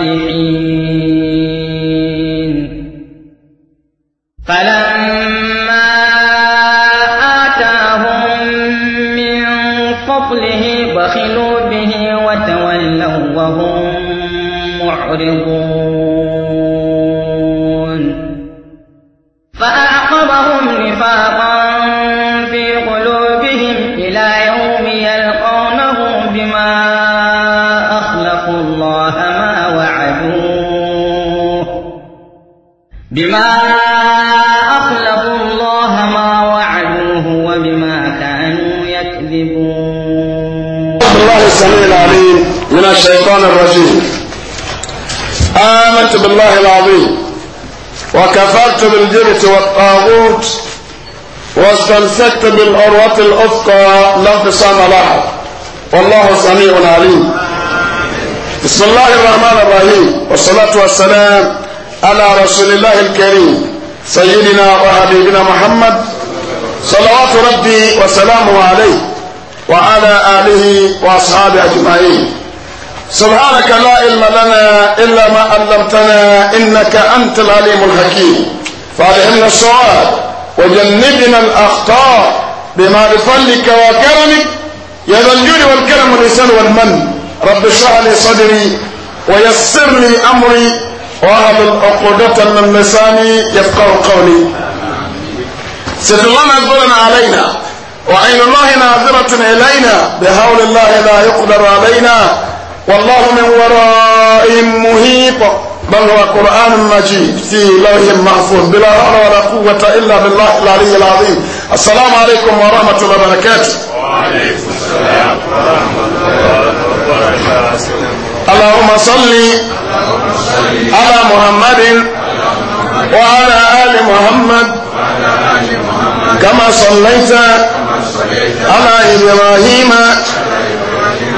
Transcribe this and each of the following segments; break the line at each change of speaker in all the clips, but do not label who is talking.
الصالحين فلما آتاهم من فضله بخلوا به وتولوا وهم معرضون من الشيطان الرجيم آمنت بالله العظيم وكفرت بالجبت والطاغوت واستمسكت بالعروة الأفقى لا انفصام لها والله سميع عليم بسم الله الرحمن الرحيم والصلاة والسلام على رسول الله الكريم سيدنا وحبيبنا محمد صلوات ربي وسلامه عليه وعلى آله وأصحابه أجمعين سبحانك لا علم لنا إلا ما علمتنا إنك أنت العليم الحكيم فعلهمنا السؤال وجنبنا الأخطاء بما بفضلك وكرمك يا ذا الجود والكرم والإحسان والمن رب اشرح لي صدري ويسر لي أمري واهل العقودة من لساني يفقه قولي سيد الله علينا وعين الله ناظرة إلينا بهول الله لا يقدر علينا والله من ورائهم مهيط بل هو قرآن مجيد في لوح محفوظ بلا حول ولا قوة إلا بالله العلي العظيم السلام عليكم ورحمة الله وبركاته وعليكم السلام ورحمة الله وبركاته اللهم صل على محمد وعلى آل محمد كما صليت على إبراهيم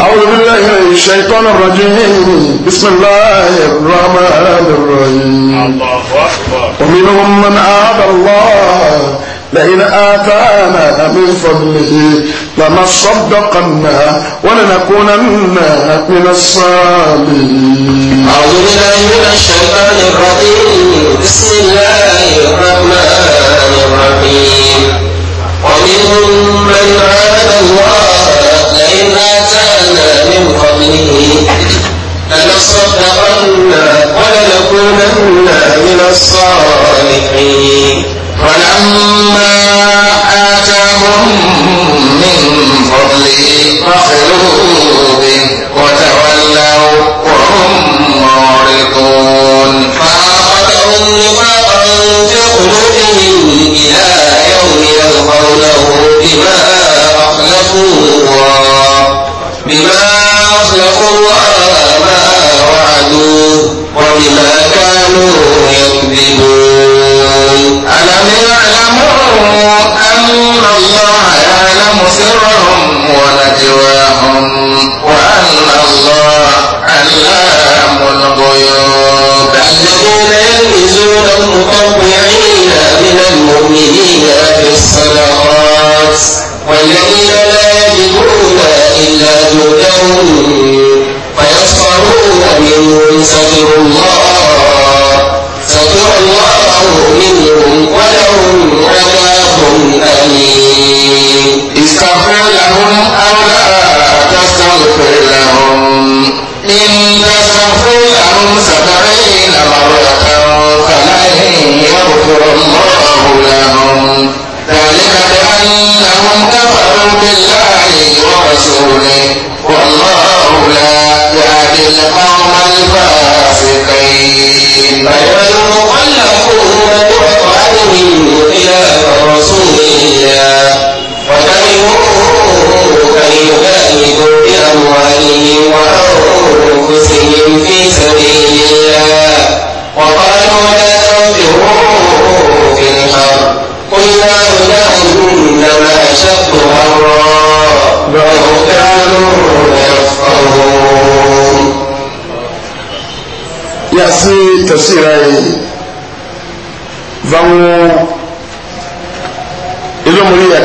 أعوذ بالله من الشيطان الرجيم بسم الله الرحمن الرحيم الله أكبر ومنهم من عاد الله لئن آتانا من فضله لنصدقن ولنكونن من الصالحين أعوذ بالله من الشيطان الرجيم بسم الله الرحمن الرحيم ومنهم من عاد الله لئن آتانا أرسلنا من قبله لنصدقن ولنكونن من الصالحين ولما آتاهم من فضله بخلوا به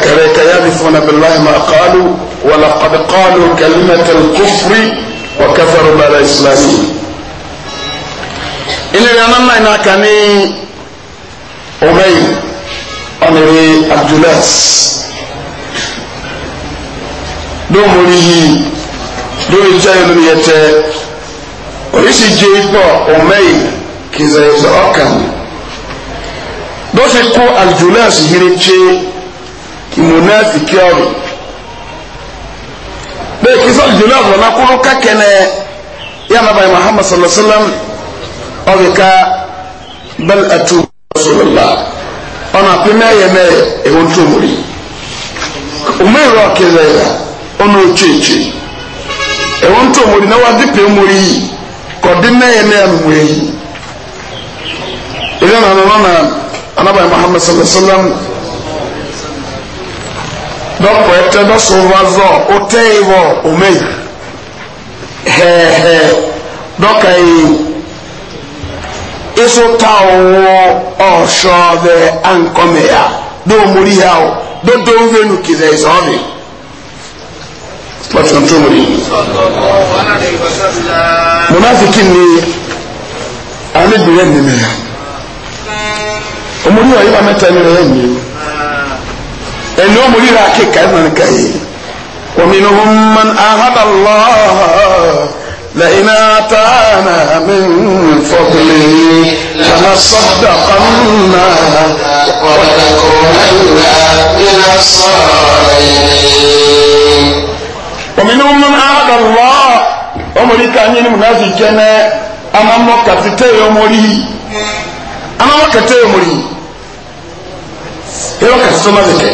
كذلك يحلفون بالله ما قالوا ولقد قالوا كلمة الكفر وكفروا بلا إسلامي إن الأمام إنا كاني أمي أمري عبد الله lóhùnmórí yìí lórí jẹ́ olórí ẹtẹ oríṣi jẹ ipò ọmọye kìzẹ̀yẹ̀zẹ̀ ọkàn ló kimunafiki ọrịa bẹẹ kí sọ na ọrọ lakúrú na yà na bàyìí muhammad sallallahu alayhi wa sallam ọrẹ ká bẹẹ ẹtù rasulillah ọnà àpínlẹ yẹ mẹyẹ ẹwọn tó wọlé ọmọ na ọkẹlẹ yà ọnà òtún na ẹwọn tó wọlé na na muhammad sallallahu dɔkɔ ɛtɛ dɔsɔva zɔ ɔtɛ yi vɔ ome hɛhɛ dɔkɔ yi isota ɔwɔ ɔsɔ bɛ ankɔmɛ ya do omori ya o do do venu kizɛ zɔvi pɔtɔntomori munafiki ni ale bi yɛ nimɛ omori wa yi wa mɛta ni o yɛ nimɛ ẹni ó múlí ra kíkà ẹ̀ mọ̀n ká yìí wọ́n hún man ahada lọ́ lẹ́yìn àtàna mi fọ́bìlì lọ́nà sọ́dà kọ́nà ọ̀dàkùnrin àbílà sọ̀rọ̀ yìí. wọ́n hún man ahada lọ́ ọmọdé ká nyé ni múnásì jẹ́ náà anamọ kàtìtẹ́ yọ mọ́rí anamọ kàtẹ́ yọ mọ́rí yọ kàtìtẹ́ má lè kẹ́.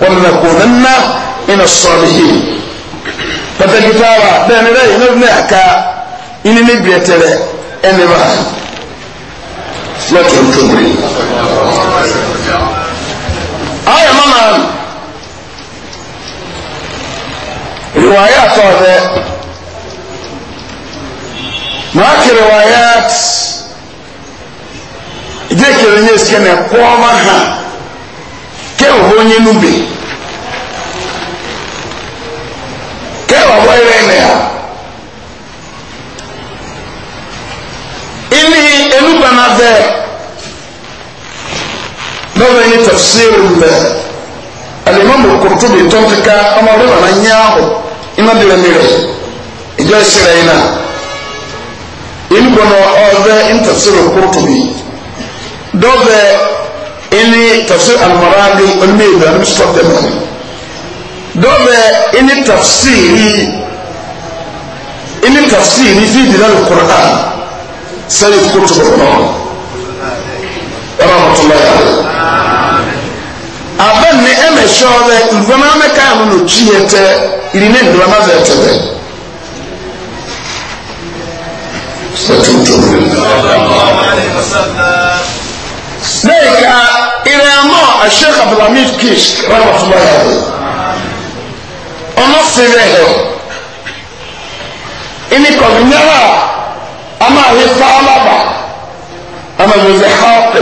ولنكونن من الصالحين pàtàkì táwa bẹ́ẹ̀ ni bẹ́ẹ̀ iná ní àká iná ní bìẹ̀tẹ̀rẹ̀ ẹni bá lọ́tọ̀ ntòmìrì. ayọ̀ mọ́mọ́ riwayat ọ̀dẹ́ màá kì riwayat ìdíkìrì ní ìsìkẹ́ ní ẹ̀kọ́ ọmọ hàn ke wo onye n'ubi ke wo wo ire ne ya ili enuba na ve no ve ni tafsir le al imam al qurtubi tontika ama re na nyaho ima de le mire ijo isira ina inuba no ove in tafsir al qurtubi dove ini tafsir almaradi onime ibi anu stop them on dɔbɛ ini tafsir. ini tafsir fi dina ni qur'an sani kutu kɔnɔ rahmatulahi ali abɛn ni ɛmɛ sɔɔ bɛ nfɔmɔ amɛ kaa mu no tɛ irine ndurama bɛ tɛ bɛ. abdulhamid kish rahmatulahi alayhi ọmọ sèré hẹ ẹni kọ̀ọ̀nyára ama ahe sáábà ama yẹsẹ haapẹ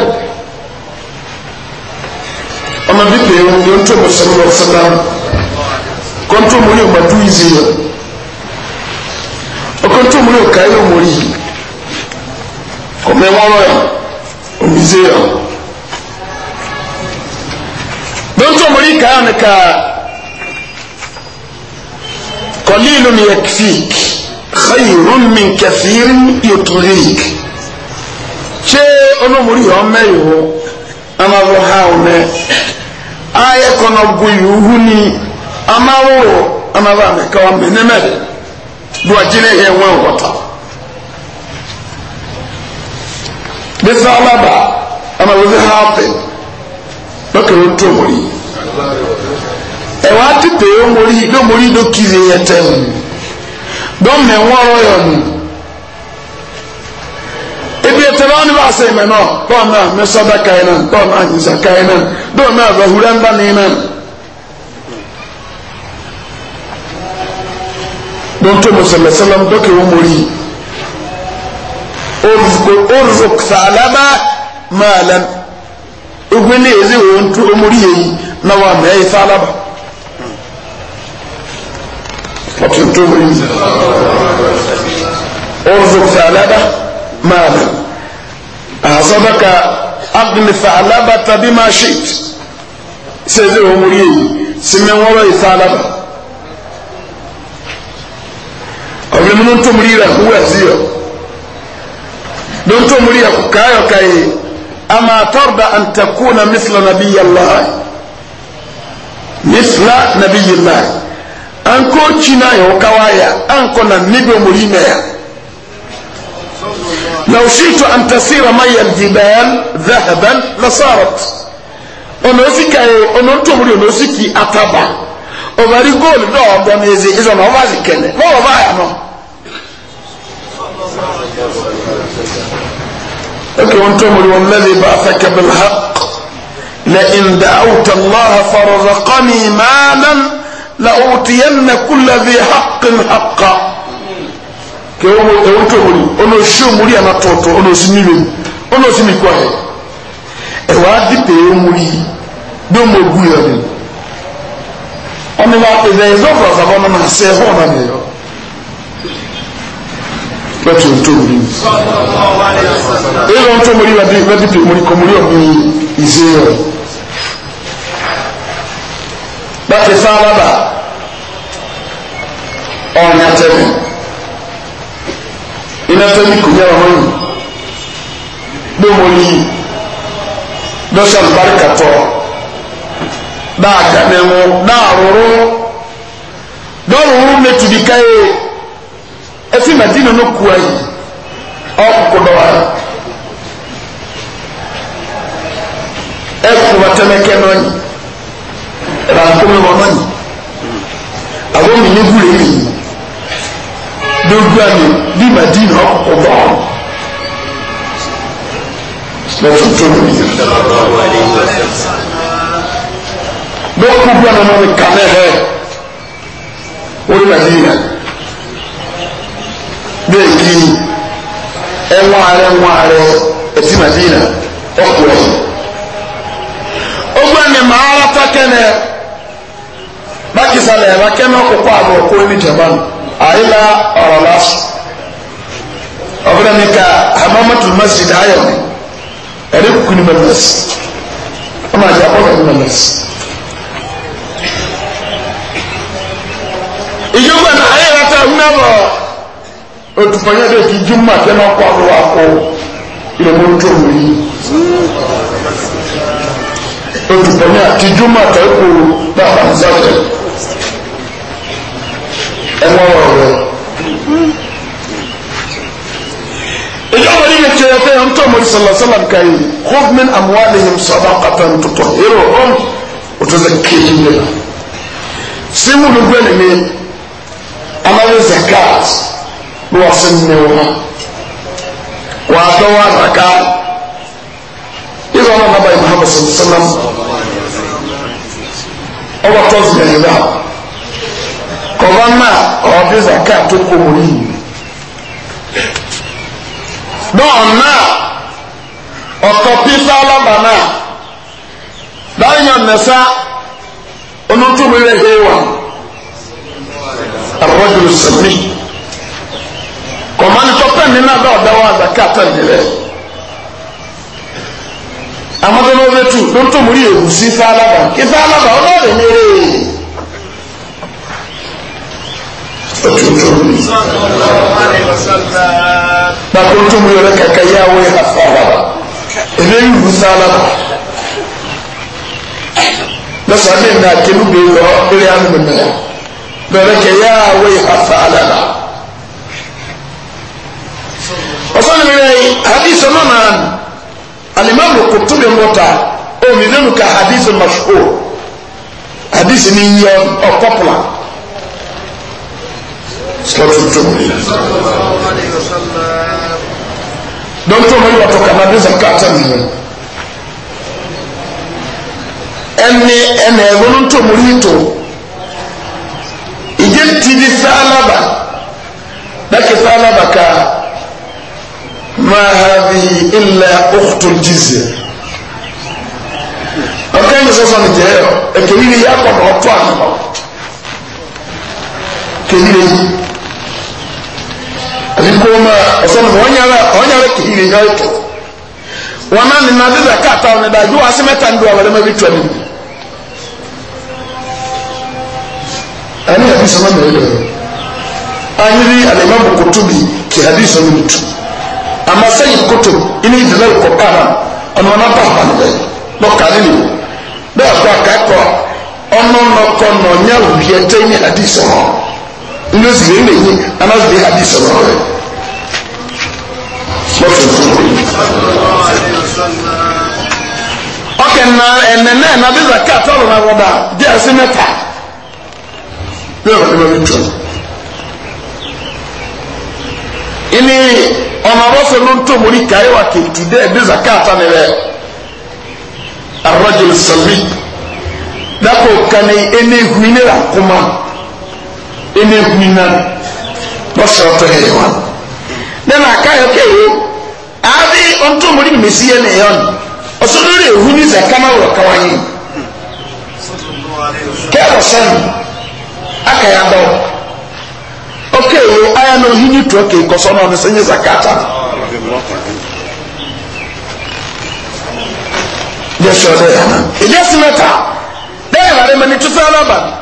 ọmọ bí pèé wọn yóò tó mọ̀sánmọ́ mọ̀sánmọ́ kọ́ńtò mọ́ ní ọmọdé yìí yẹ ọkọ́ńtò mọ́ ní ọ̀ka yẹ ọmọdé yìí kọ́mẹ́wọ́rọ̀ yẹ ọmọdé yẹ don to muri ka yana ka qalilun yakfik khayrun min kathirin yutghik che ono muri ho meyo ama ro ha one aye kono guyu huni ama wo ama ba me ka me ne me do ajine he won wota bisalaba ama wo hafi lọ́kẹ̀rẹ́ ń tó mọ̀rí ẹ̀wà tètè ó mọ̀rí ló mọ̀rí ló kiri yẹn tẹ̀ ń dọ́mẹ̀ wọ́rọ̀ yọ̀ nù ebi ẹtẹ náà ni wàá sẹ ẹmẹ náà dọ́ọ̀ náà mẹsàdá káyẹ náà dọ́ọ̀ náà nyinsá káyẹ náà dọ́ọ̀ náà rahulẹ̀ ńlá nìyẹn náà dọ́ntọ́ mọ̀sálẹ́sálám dọ́kẹ̀ ó mọ̀rí orúkọ orúkọ sàlámà máa ogun lè ṣe òun tó omori yẹyi náà wà mẹ́ ẹ̀ sálábà ọ̀tún tó wọ́n yìí ọ̀rùn sálábà máa nà àsọ́dọ́ka agbèlè sálábà tàbí máa ṣe ṣe ṣe omori yẹyi sinmi wọ́rọ̀ yìí sálábà ọ̀rùn mi tó omori rẹ̀ kú wẹ̀ sí yọ ló ń tó omori yẹ kú káyọ̀ káyẹ̀. أما ترضى أن تكون مثل نبي الله مثل نبي الله أنكو تشينايو كوايا أنكو نبي مرينايا لو شئت أن تسير مي الجبال ذهبا لصارت onosika ye onotomuli onosiki ataba obali gooli dɔɔ dɔmezi izɔnɔ ɔbazi kɛlɛ ما baa yanɔ لكن وانتم والذي بعثك بالحق لئن دعوت الله فرزقني مالا لأوتين كل ذي حق حقا كي وانتم ولي شو مولي أنا توتو أنا سنيلو أنا سنيكوه ẹwàádìí pèé múri bí mo gu yẹn mu ọmọ wa pèsè ẹzọ fọlọfọlọ náà sẹ ẹ hàn lọ́tù ntòmùrí èyí lọ́n ntòmùrí wà dé pè mórí kọ́mùrí ọ̀mí ìzé rẹ̀ bàtí sábàbà ọ̀nyà tẹ̀mí iná tẹ̀mí kò yára wọ́n yìí gbé mórí yìí lọ́sẹ̀ àlùbáríkà tọ̀ dáa jáde wọn dáa rúrú dọ́rùn rúrú létí bí káyé ɛsi madina no kua yi ɔkoko dɔwara ɛfu batɛmɛkɛ nɔnyi ɛbaakome wɔ nɔnyi awo mi ne gure mi dogu ami bi madina ɔkoko dɔwara lɔtutu no mi lɔkubu anamɔ mi kamɛ hɛ wɔ madina. na ni ẹ̀wọ̀n ààrẹ ẹ̀wọ̀n ààrẹ ẹ̀sìn màdínà ọkùnrin. ogun ẹni màá rata kẹ́nẹ̀ bákìsàlẹ̀ ẹ̀rọ kẹ́nẹ̀ ọkùnkọ́ àbọ̀ ọkọ ẹni jẹ̀mánu àyílá hama hamamatu masjid ayọ̀ mi ẹ̀rí ni mẹ́mẹ́sì ọmọ àti ni ìjọba náà ayé rata otufanya de ki juma tena kwa wako ile mtu mwenye otufanya ti juma taiko na banzaje ẹmọ ọrọ ìjọba ní ìjọ ẹfẹ yẹn tó mọdé sàlásàlám ká yìí hófmin amuwaale yẹn sọba kata ntutọ èrò ọm òtútù kéjì nìyẹn símù lùgbẹ́ni mi amáyé zakat bí wọ́n sì ní wọn wàá tọ́wọ́ àtàkà ìfọwọ́n bàbá Muhammad sallam ọwọ́ tọ́sí ẹ̀yìn náà kọ̀ọ̀bá náà ọ̀ọ́dún zaka tó kó wọ́n yìí dɔɔ naa ɔtɔpi saalaba naa daanya mɛsa ɔno ntumi lɛ hewa arɔdun sami ọmọ nítọ́pẹ́ ní náà dáwọ́ dáwọ́ àzàká àtẹ̀lẹ́rẹ́ amadolobetu ló ń tó múrí èwù sí ifá alábà ifá alábà ọlọ́ọ̀rẹ́ mèrè bàbá tó múrí ọ̀rẹ́ kàkà yáwó ìhàfà alábà èdè ìwù sí alábà lọ́sàn-án ní ìnà àkẹ́lùgbé lọ eré ànúmọ̀nà lọ́rẹ́ kẹyàwó ìhàfà alábà ɔsɔni mi rɛyi hadisi nana alimami kutubi mbɔta omi nenu ka hadisi mashko hadisi ni yɛ ɔkɔpla dɔn tó mɛri wàtò kana bí zaka ata mi mu ɛni ɛna ɛwɔn tó mɛri tó ìdí ti di sálábà dákì sálábà ká. ما هذه إلا أخت الجزية أكيد سوسن جاء أكيد يأكل أطفال كيري أبيكما أصلا وانيرا وانيرا كيري يأكل وانا من هذا زكاة وانا دا جوا سمعت عن دوا ولا ما بيتوني أنا أبي سمعت من هذا أنا الإمام القرطبي كحديث من القرطبي ama sɛyi koto ini dilal kɔkɔra ɔno ɔna ba ba no bɛ n'ɔkari ni o bɛ akɔ akakɔ ɔno n'ɔkɔ n'ɔnya wiɛ tɛ ni adi sɔrɔ ní o sì lè lè yin ana sì lè adi sɔrɔ rɛ lɔfɛ fún mi. ɔkè nà ɛnɛ nà ɛnà bí zaka tɔlɔ nà wɔdà bí ɛsɛ mɛta bí ɛwà ni ma bi tɔ. ini ọ̀nà rọ́sẹ̀ ló ń tó mórí káyé wa kèntì dẹ́ ẹ̀dẹ́ zakata ni rẹ̀ arọ́jọ sọ̀rí dákọ̀ kàní ẹni ehun ní ràkúmá ẹni ehun náà rọ́sẹ̀ ọ̀tọ̀ yẹ wa nínú àkáyọ̀ kéwù àbí ọ̀n tó mórí mèsì yẹn nìyọ̀ ni ọ̀sọ̀ lórí ehun ní zakama wọ̀ káwáyé kẹ́wọ̀ sẹ́nu akẹ́yà dọ̀wọ̀ ke ye aya no hinyi to ke ko so no ne senye zakata yes sir there yes matter there are many to salaba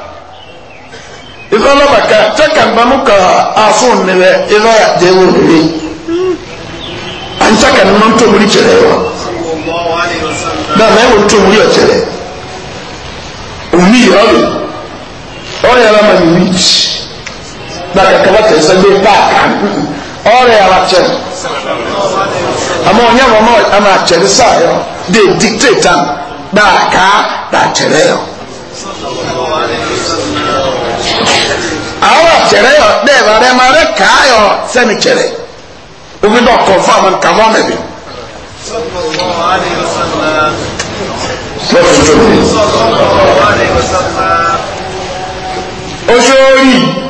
ìfọlọ́ bàkà tẹ́kàǹbámú ka àfún níbẹ̀ ìfọ́ àjẹwò níbí à ń tẹ́kàǹbá máa ń tó múlí kyerẹ́ wa bẹ́ẹ̀ náà wọ́n tó múlí ọ̀kyerẹ́ òmí yọ̀ọ́ lò ọ̀ yẹ lọ́mọ mi wíìtì na kakaba tẹ sẹ gbé paaka ọrẹ ara kyẹ àmọ ọnyẹ wọn náà ama akyẹrẹ sáyọ de dictator daaka daakyẹrẹ yọ àwọn akyẹrẹ yọ dẹ ẹ de ma rẹ kaa yọ sẹni kyẹrẹ omi dọ confam nkàmọ mẹbi. Oṣooṣi.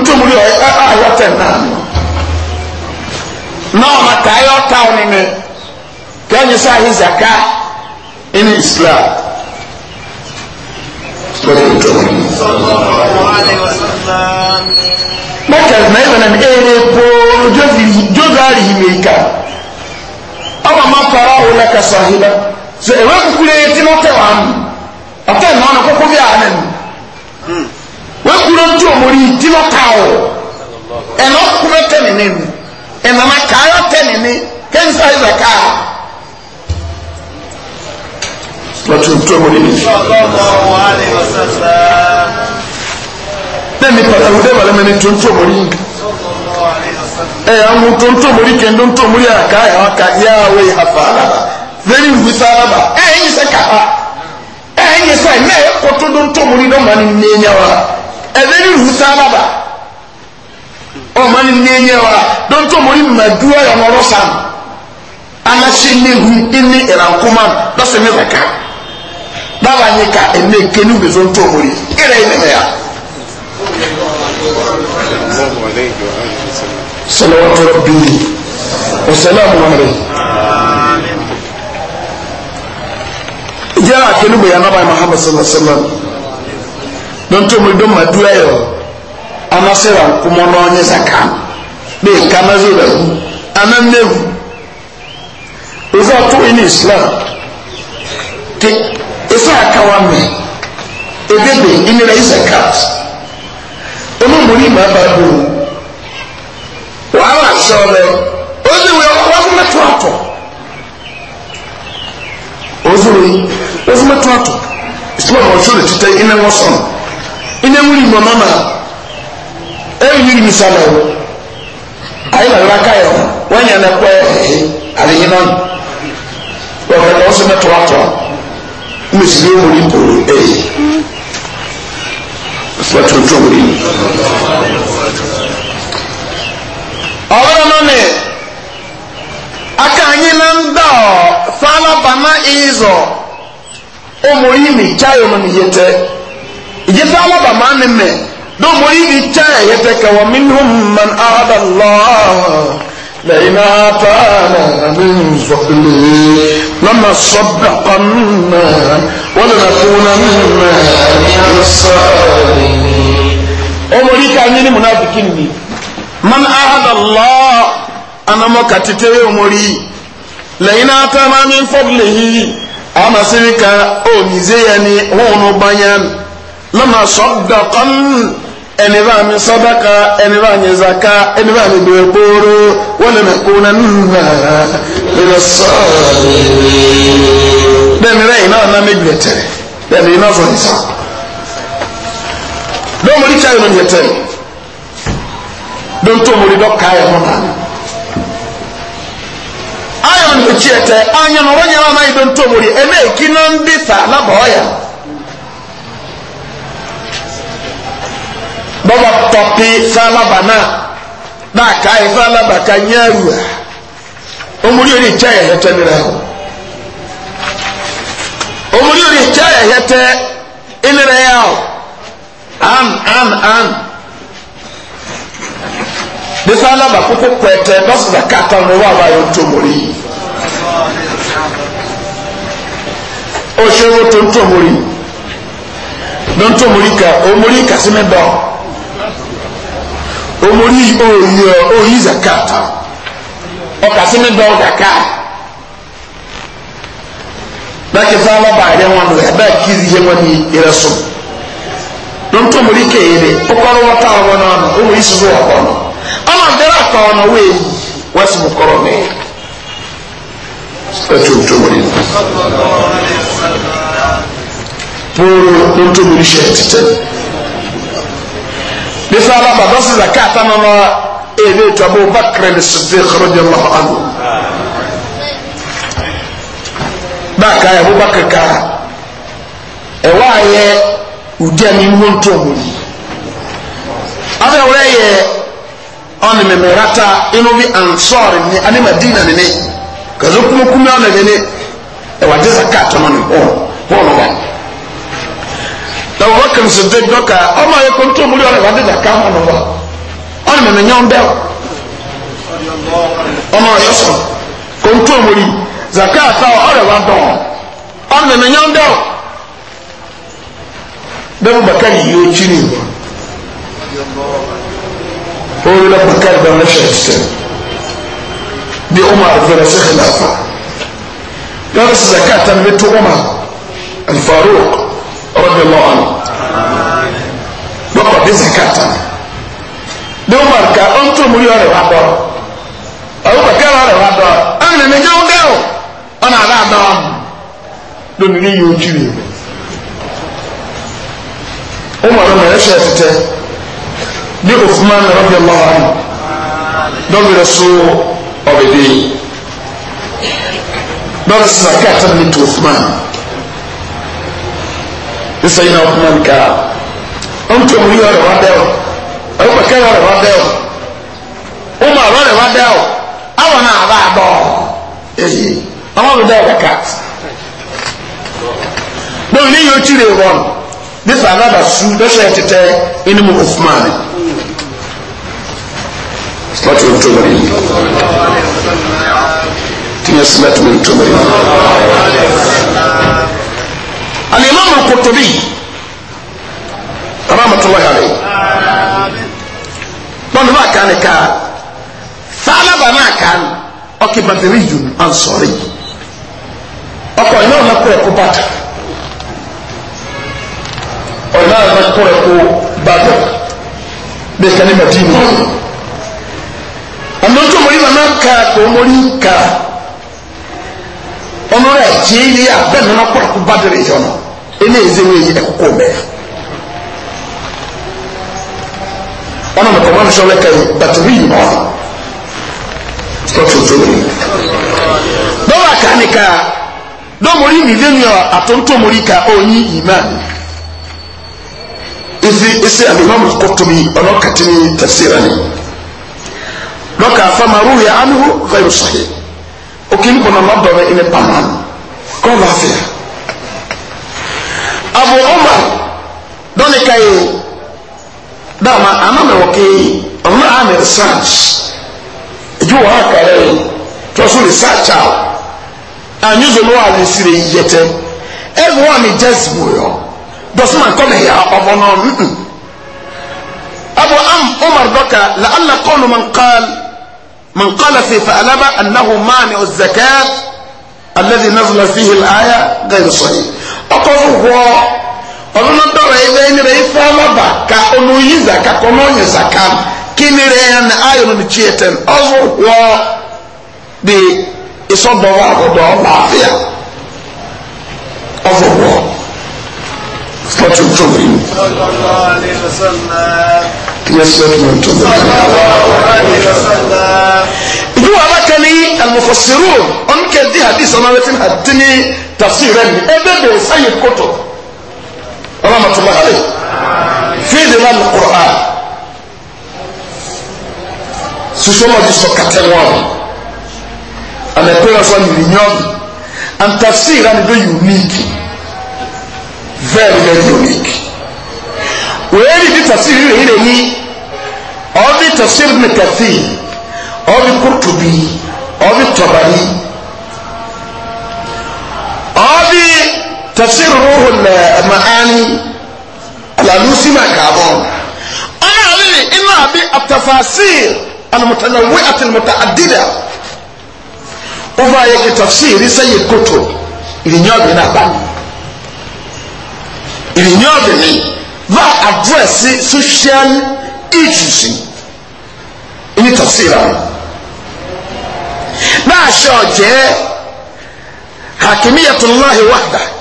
ntomri ɔ ayɔ tɛn naa nɔɔma taa yɔ taw ne ne kɛnyɛ sɛ ayi zaka ɛne islam mɛkɛs na ɛfɛ nam ɛyɛ pooro jogaari yi meika ɔma ma para wo na kasahiba sɛ ɛwɛ kukure ti na ɔtɛ wa mu ɔtɛ na ɔna koko bi a ne mu wekuro nti omori ti lɔtawo ɛna ɔkuro tɛ nene mu ɛnana kaayɔ tɛ nene kɛnsa yi bɛ kaa lɔtun tó omori ni. ne mi pàtàkì dé balẹ̀ mi ni tó tó omori ɛ àwọn tó tó omori kẹ́ ndó tó omori àká yà wá ká yà wá yà fà á lába very wisa lába ɛ ɛ yin sɛ kàá ɛ ɛ yin sɛ ɛ mɛ ɛ kótó tó omori dɔ ma ni nìyẹn wa ɛbɛni rusa baba ɔma ni nenye wa dɔntɔ mori maduwa yɛ ɔmɔrɔ sam anasi nehu ini irankuma dɔsi mi zaka baba nye ka ene nkenu bi dɔntɔ mori ere yi nɛmɛ ya. صلوات ربي وسلام عليه جاء كلمة يا نبي محمد صلى donto mu dom madu ayo ana se wa nkomo no nye zaka be kana zo da ku ana nevu ozo to in islam te isa akawa me ebebe inira zakat ono muri ma ba do wa ala shole ozo we wa kuma to ato ozo we ozo ma to ato islam o shole tita ina ngosona ewuri mọ mama ewuri misala o ayi la yọrọ aka yọ wọn yẹn n'ẹkọ ẹhẹ ale yẹn nọnù ọbẹ náà ọsẹ mẹtọ atọ mbẹsi yẹn wọlé mpọlọ ẹyẹ ọsẹ tuntun wọlé yìí ọlọ́run náà ni aka anyi náà ń dà ọ sálábàámà ìzọ ọmọ yìí mi jáyọ̀ náà nìyẹn tẹ́ ìjẹsẹ alábà máa ní mẹ dóòmù yìí tẹ ẹyẹ tẹkẹ wọn mímú man àádọ lọ lẹyìn ata ní nzọkìlì lọmọ sọdọ ọmọ wọn lè fún un mẹ ní sọọlì ọmọ yìí ká nyini munafiki ni man àádọ lọ anamọ katitere ọmọ yìí lẹyìn ata ní nfọdùlẹ yìí àmà sírika ó nìzẹyẹ ni wọn ò nù bànyẹn lọ́mà sọ́dọ̀kan ẹni bá mi sọ́dọ̀ka ẹni bá mi zaka ẹni bá mi bèrè kóró wọ́n lè mẹ́ kó náà nùnà lọ́dọ̀ sọ́ọ̀rọ̀. bẹ́ẹ̀ni rẹ̀ iná ọ̀nà mi gbẹ̀ tẹ̀rẹ̀ bẹ́ẹ̀ni iná fọ̀ nìsa. dọ́n mo rí chai ló ń yẹ tẹ̀lé dọ́n tó mo rí dọ́ka ayọ̀ mọ́ náà. ayọ̀ ní o tiẹ̀ tẹ̀ anyanwó nyẹ́ wọn náà yìí tó mo rí ẹ̀ bɔbɔ tɔpi sálaba náà náà ká yẹ sálaba ká nyɛ awura omuli yɛ ni kyɛ yɛ hɛtɛ nira hɔ omuli yɛ ni kyɛ yɛ hɛtɛ nira yɛ hɔ an an an de sálaba koko pɛtɛ bɔsi kata ŋun wa ba yɛ ntomori o se wo to ntomori ntomori ka omori kasi mi dɔn. omori oyi oyi zakata ọkasi mi dɔw daka báki fún alaba yẹn wọn ebe ẹbẹ kiri ihe wọn ihe so n'otu kéere ọkọrọ wọn ta nwata náà nọ omori soso wọn kọ nọ ọmọ ndẹrẹ akpa wọn náà wéyí wọn sì mú kọrọ bisa ala ba dɔsi zakata nɔnɔ ene to abu bakr ni siddiq radiyallahu anhu baa kaa abu bakr kaa ɛwɔ ayɛ udi ani mu ntomu ni afɛ wɔrɛ yɛ ɔne mɛmɛrata inu bi ansɔɔri ni ani madina na ne kazo kumu kumu ɔne ni ne ɛwɔ adi zakata nɔnɔ oh, oh, ɔn wɔn ba na wọ́n kàn sí dé dọ́kà ọmọ yẹn kó tó múlẹ̀ ọ̀rẹ́ wà dé dàkà hàn wá ọ̀nà mẹ̀mẹ̀ nyọ́ bẹ́ẹ̀ ọmọ yẹn sọ kó tó múlẹ̀ zaka àtà ọ̀rẹ́ wà dọ̀ ọ̀nà mẹ̀mẹ̀ nyọ́ bẹ́ẹ̀ bẹ́ẹ̀ mo bàkà yìí yóò kí ni o yóò lọ bàkà yìí bẹ́ẹ̀ lọ́sẹ̀ ṣẹ̀ bí ọmọ àgbẹ̀rẹ̀ sẹ́kẹ̀ láfa yọ̀ọ́ sẹ́ zaka àtà mi tó ọmọ alifarok. رضي الله عنه لقد دي زكاة دي عمر كان انتو مليون وحدة أو بكر على وحدة أنا نجاو داو أنا على دام دون لي يوجي عمر ما يشهد دي عثمان رضي الله عنه دون رسول أبدي دون زكاة من عثمان sayina ɔkuman kaa ɔntɔn yi ɔrɛ wa dɛw ɔbɛkɛ ɔrɛ wa dɛw ɔmɔ ɔrɛ wa dɛw awɔ na aba abɔ eyi ɔmɔ bi dɛw kaka dɔw ni yɛ ɔtí de wɔn disa anaba su dɔsɛ tɛtɛ ɛnum ɔfuman sɔtɔ ntɔmɔri tiɲɛ sinɛ tɔmɔ ntɔmɔri. الإمام القرطبي رحمة الله عليه من ما كان كان ثعلب ما كان أوكي بدري أنصاري أكو إمام نقول أكو باتر ọ̀nà àgbàkọ̀rẹ̀ kó bàtà bí ẹ̀ka ní madina ọ̀nà tó mọ̀rí màmá ka kò mọ̀rí ka ọ̀nà rẹ̀ jẹ́ ilé abẹ́nana kọ̀rẹ̀ kó bàtà rẹ̀ yọ̀nà eléyìí wei ɛkoko mɛya ɔna mɛ kɔmɔ nisɔn lɛ kɛyi batiri yi ɔfa sɔtɔtɔ mi dɔw aka ni ka dɔw mori mi de nua atonto mori ka ɔnyi iman esi esi alimami kɔtɔmi ɔna katini tafsira ni dɔka fama ruhi anihu ghayru sahi okini kɔnɔ ma dɔbɛ ina paman kɔn b'a fɛ yan. dama aname woke ɔno ame research edzi wɔ ha kare tɔ so research a anyi zo no a resire yi yɛtɛ ɛfɔ wa mi just bu yɔ dɔso ma nkɔ ne ya ɔbɔ nɔ nn abu am umar dɔka la ala kɔnu man qaal man qaala fi fa'alaba annahu maani o zakat alladhi nazala fihi al-aya gayr sahih ɔkɔ fo hɔ. ọlọ́nà dọ̀rọ̀ ẹgbẹ́ ẹni rẹ̀ ifá lọ́ba ka ọ̀nà oyin zaka kọ́ ọ̀nà oyin zaka kí ni rẹ̀ ẹ̀ na ayọ̀ ní tiẹ̀ tẹ̀ ọ̀zọ̀ wọ́ di ìsọdọ̀wọ́ àgọ́dọ̀ ọ̀làáfíà ọ̀zọ̀ wọ́ fọ́tún tó wí. Ibi wa alaka ni almufasirun, ọ̀nkẹ́ di hadith ọ̀nà wetin hadini tafsir rẹ̀ ni, ebe bẹ̀ sáyé kótó. رحمة الله عليه في ظلال القرآن سوسوما دي سو كاتلوان أنا أقول لك مليون أن تفسير أنا دو يونيك very very unique ويلي دي تفسير هنا ني أو دي تفسير ابن كثير أو دي قرطبي أو دي طبري أو دي تفسير روح المعاني على لوسي ما كابون انا علي انا بي التفاسير المتنوعة المتعددة وما يكي تفسير سيد كتو إلي نيوبي نابان إلي نيوبي ني ما أدرسي سوشيال إيجيسي إلي تفسير ما شو جي حاكمية الله وحده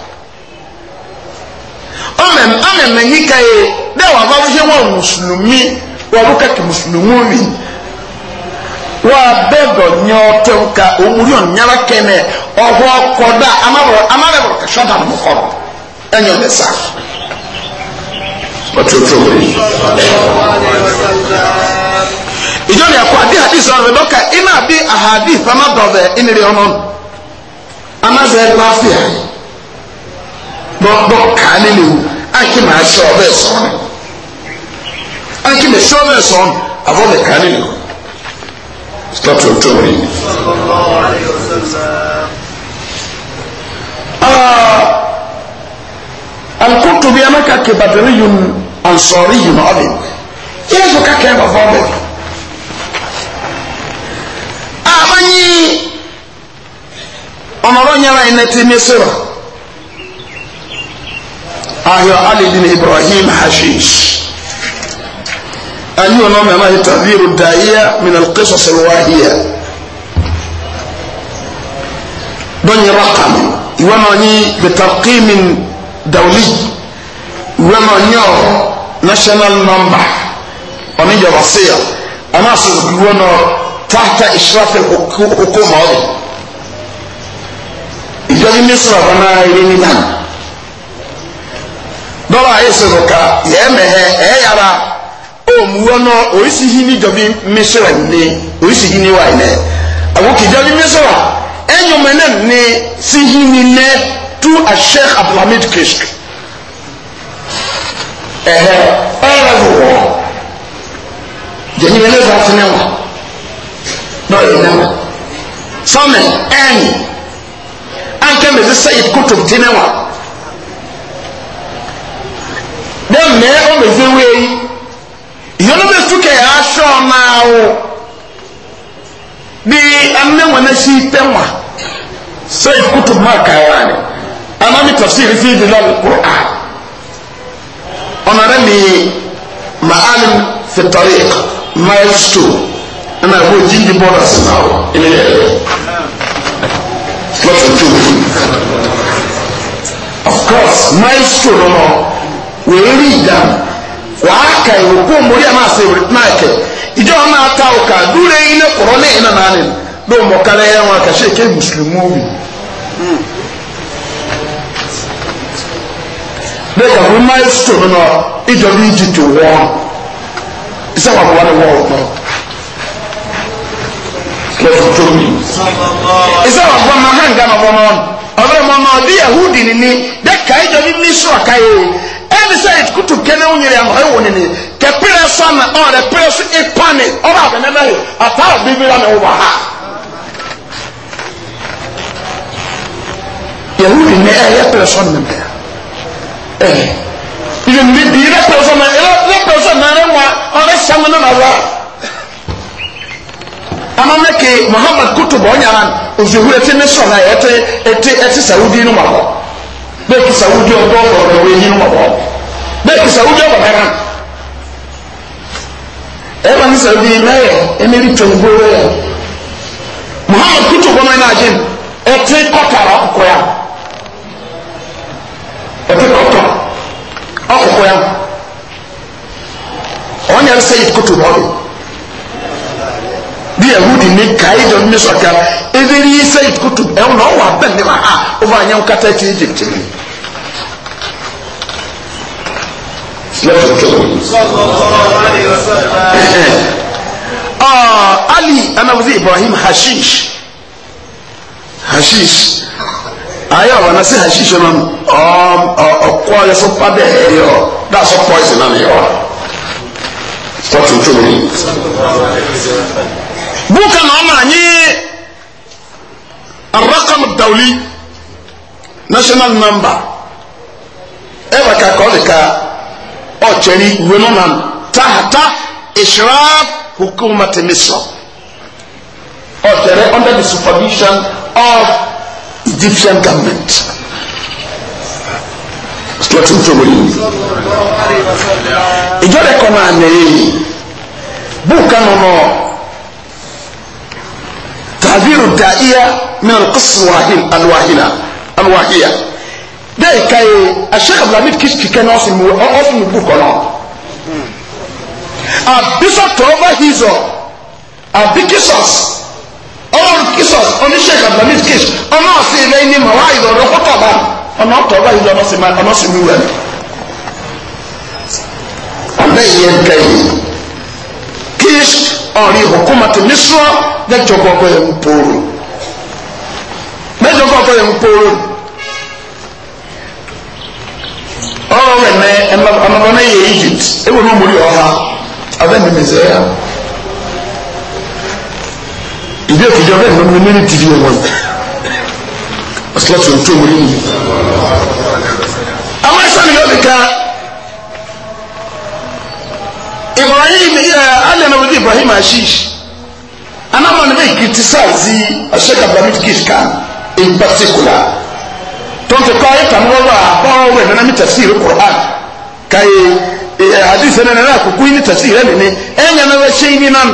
ọmọ ẹmẹ yíká yẹ dẹ wà bá wíṣẹ wọn mùsùlùmí wọn bó kẹkẹ mùsùlùmí mi wọn abẹ́dọ̀ nyẹ ọtẹ nka òmùrí ọ̀nyára kẹmẹ ọ̀họ́ kọ́dá amárẹ̀wọ̀ kẹsọ́dà ló kọ́rọ̀ ẹ̀yọ̀ bẹ sá. ìjọ ni ẹ̀kọ́ adé hadith ọ̀rọ̀ bẹ dọ́ka iná ahadith bọ́ kàá nílé wò ánkì máa ṣe ọbẹ̀ sọ̀rọ̀ ánkì máa ṣe ọbẹ̀ sọ̀rọ̀ àbọ̀ bẹ̀ kàá nílé wò. Stop your trouble. Ah, Al-Qurtubi ana kake badiriyun ansoriyun ọbẹ̀. Yesu kake ẹ̀ bàbá ọbẹ̀. Àmọ́ ah, yín ọ̀nà ọ̀rọ̀ nyara ẹ̀ nẹ́tí ní sọ̀rọ̀. ahịa alidin ibrahim hashish أيوة نوع معناه تحذير الداعية من القصص الواهية بني رقم ومعني بترقيم دولي ومعني ناشونال نمبر ونجي وصية أنا سيقولون تحت إشراف الحكومة إذا مصر أنا إلينا dɔbɔ a yɛ sɔrɔ ka yɛ mɛhɛ ɛyɛ yaba omuwa nɔ oisi hini dɔbi misra ne oisi hini wa yi nɛ awo kijabi misra ɛnyɔmɛ nɛ ne si hini nɛ tu a sheikh abdulhamid kishk ɛhɛ ɛyɛ bɛ wɔ jɛnyɛ ne zaa ti nɛ wa dɔw yɛ nɛ wa sɔmɛ ɛni an kɛmɛ ti sɛyi kutub ti nɛ wa. ɛmɛ ɔmɛzewe yi yɔnɔmɛ sukɛ asɔ naawo bi amɛwa n'asi tɛwa sɛyi kutu maka wani anami tafsiri fi di lɔri kur'a ɔnara mi ma'alim fitari milestone ɛna ɛfɔ jinji bɔdas naawo ɛnɛ yɛrɛ lɔtɔ tó o of course milestone ɔnɔ wèérí ìdáhùn wàá kà ìwòkó mórí àmà àṣẹ náà kẹ ìjọ ọmọ ata ọkà dúró eyín ní kọrọ ní ìnà náà nínú ló mọ kálẹ yẹn wọn kà ṣe ké mùsùlùmí wù. bẹẹ yàgò máa ń sọ nínú ìjọ bí ìjì tó wọn iṣẹ wà wọn ni wọn ò pọn lọsùn tó mi. iṣẹ wà wọn máa hàn gánà wọn náà ọbẹ mọ náà bí yahudi nìní dẹka ìjọ bí mísírà káyé ɛni sɛ kutu kɛnɛ wo nyere amɔ ɛwɔ nini kɛ pere so ama ɔrɛ pere so ipani ɔba abɛnɛ bɛ yi ata bibi la mɛ wɔ ha yahudi ni ɛyɛ pere so nim bɛ ɛɛ yɛ ni bi yɛ pere so ma yɛ pere so ma yɛ wa ɔrɛ sɛŋ ne na wa ama mɛ ke muhammad kutu bɔ ɔnyara ozuhu eti ne sɔrɔ la ɛti ɛti ɛti sawudi ni wa kɔ bẹ́ẹ̀ kì sàwùjọ ọ̀dọ́ ọ̀rọ̀ ìwé yín wọ̀ wọ́ bẹ́ẹ̀ kì sàwùjọ ọ̀rọ̀ kẹrán. ẹ bá ní sàwùjọ yìí mẹ́yọ̀ ẹni rí tó ń gbówó yẹ. muhammed kutu bọ́mọ iná ajé ẹ ti kọ́tàrà ọkọ̀ ya ẹ ti kọ́tà ọkọ̀ ya ọ̀nyẹ́rẹ́sẹ̀ yìí kutu bọ́ọ̀lù ne kae dɔm ne sɔkara ebiri yi kutu ɛwɔ e, na ɔwɔ abɛn ne ha ɔfɔ anya nkata ti egypt ne. Ah, ali anamdi ibrahim hashish hashish ayé ọ̀rọ̀ náà sí hashish ọ̀nà ọ̀kọ́ ayé fún padà yo. dáa sọ poison náà nìyọ wa. Stop to me buka na ọma anyị arrakam dauli national number ebe ka ka ọ dị ka ọ chere uwe nọ na under the supervision of egyptian government stọọtụ ntọgbọ yi ìjọ náà nà ẹyẹ yìí buka nọ الحذير الدائية من القصة الواهنة الواهية ده كاي الشيخ عبد الحميد كيشكي كان أصل أصل مبوك ولا أبيسا توبا هيزو كيسوس أول كيسوس أنا الشيخ عبد الحميد كيش أنا أصل ليني مواعيد ورفقة بان أنا توبا هيزو أنا سمع أنا سمع أنا ينكاي كيش ọ̀rí hukumati misra dẹ́jọ́ gbọ́gbọ́ yẹn ń pooro dẹ́jọ́ gbọ́gbọ́ yẹn ń pooro ọ̀rọ̀ wẹ̀ mẹ́ ẹnabọ́ náà yẹ egypt ewu ní omori ọha abẹ́nimẹ̀sẹ̀ yá ìdí èkìjọ bẹ́ẹ̀ ní omi ní tìdí wọn ọ̀sìlọ́tì ọ̀tún omori nìyí. àwọn ẹ̀sán mi lọ́ọ̀dì ká ibrahim. alẹ́ náà wọ́n ibrahim ashish anáwọn ní bẹ́ẹ̀ kìtìsáìsì ka, kishka in particular tonke ń tẹ̀kọ́ kan wọ́n wà bọ́ọ̀ rẹ̀ mi tẹ̀sí ìrú quran káyé àdìsẹ́ nínú náà kúkú ní tẹ̀sí ìrẹ́ nìní ẹ̀yẹ náà wọ́n ṣe é ní nán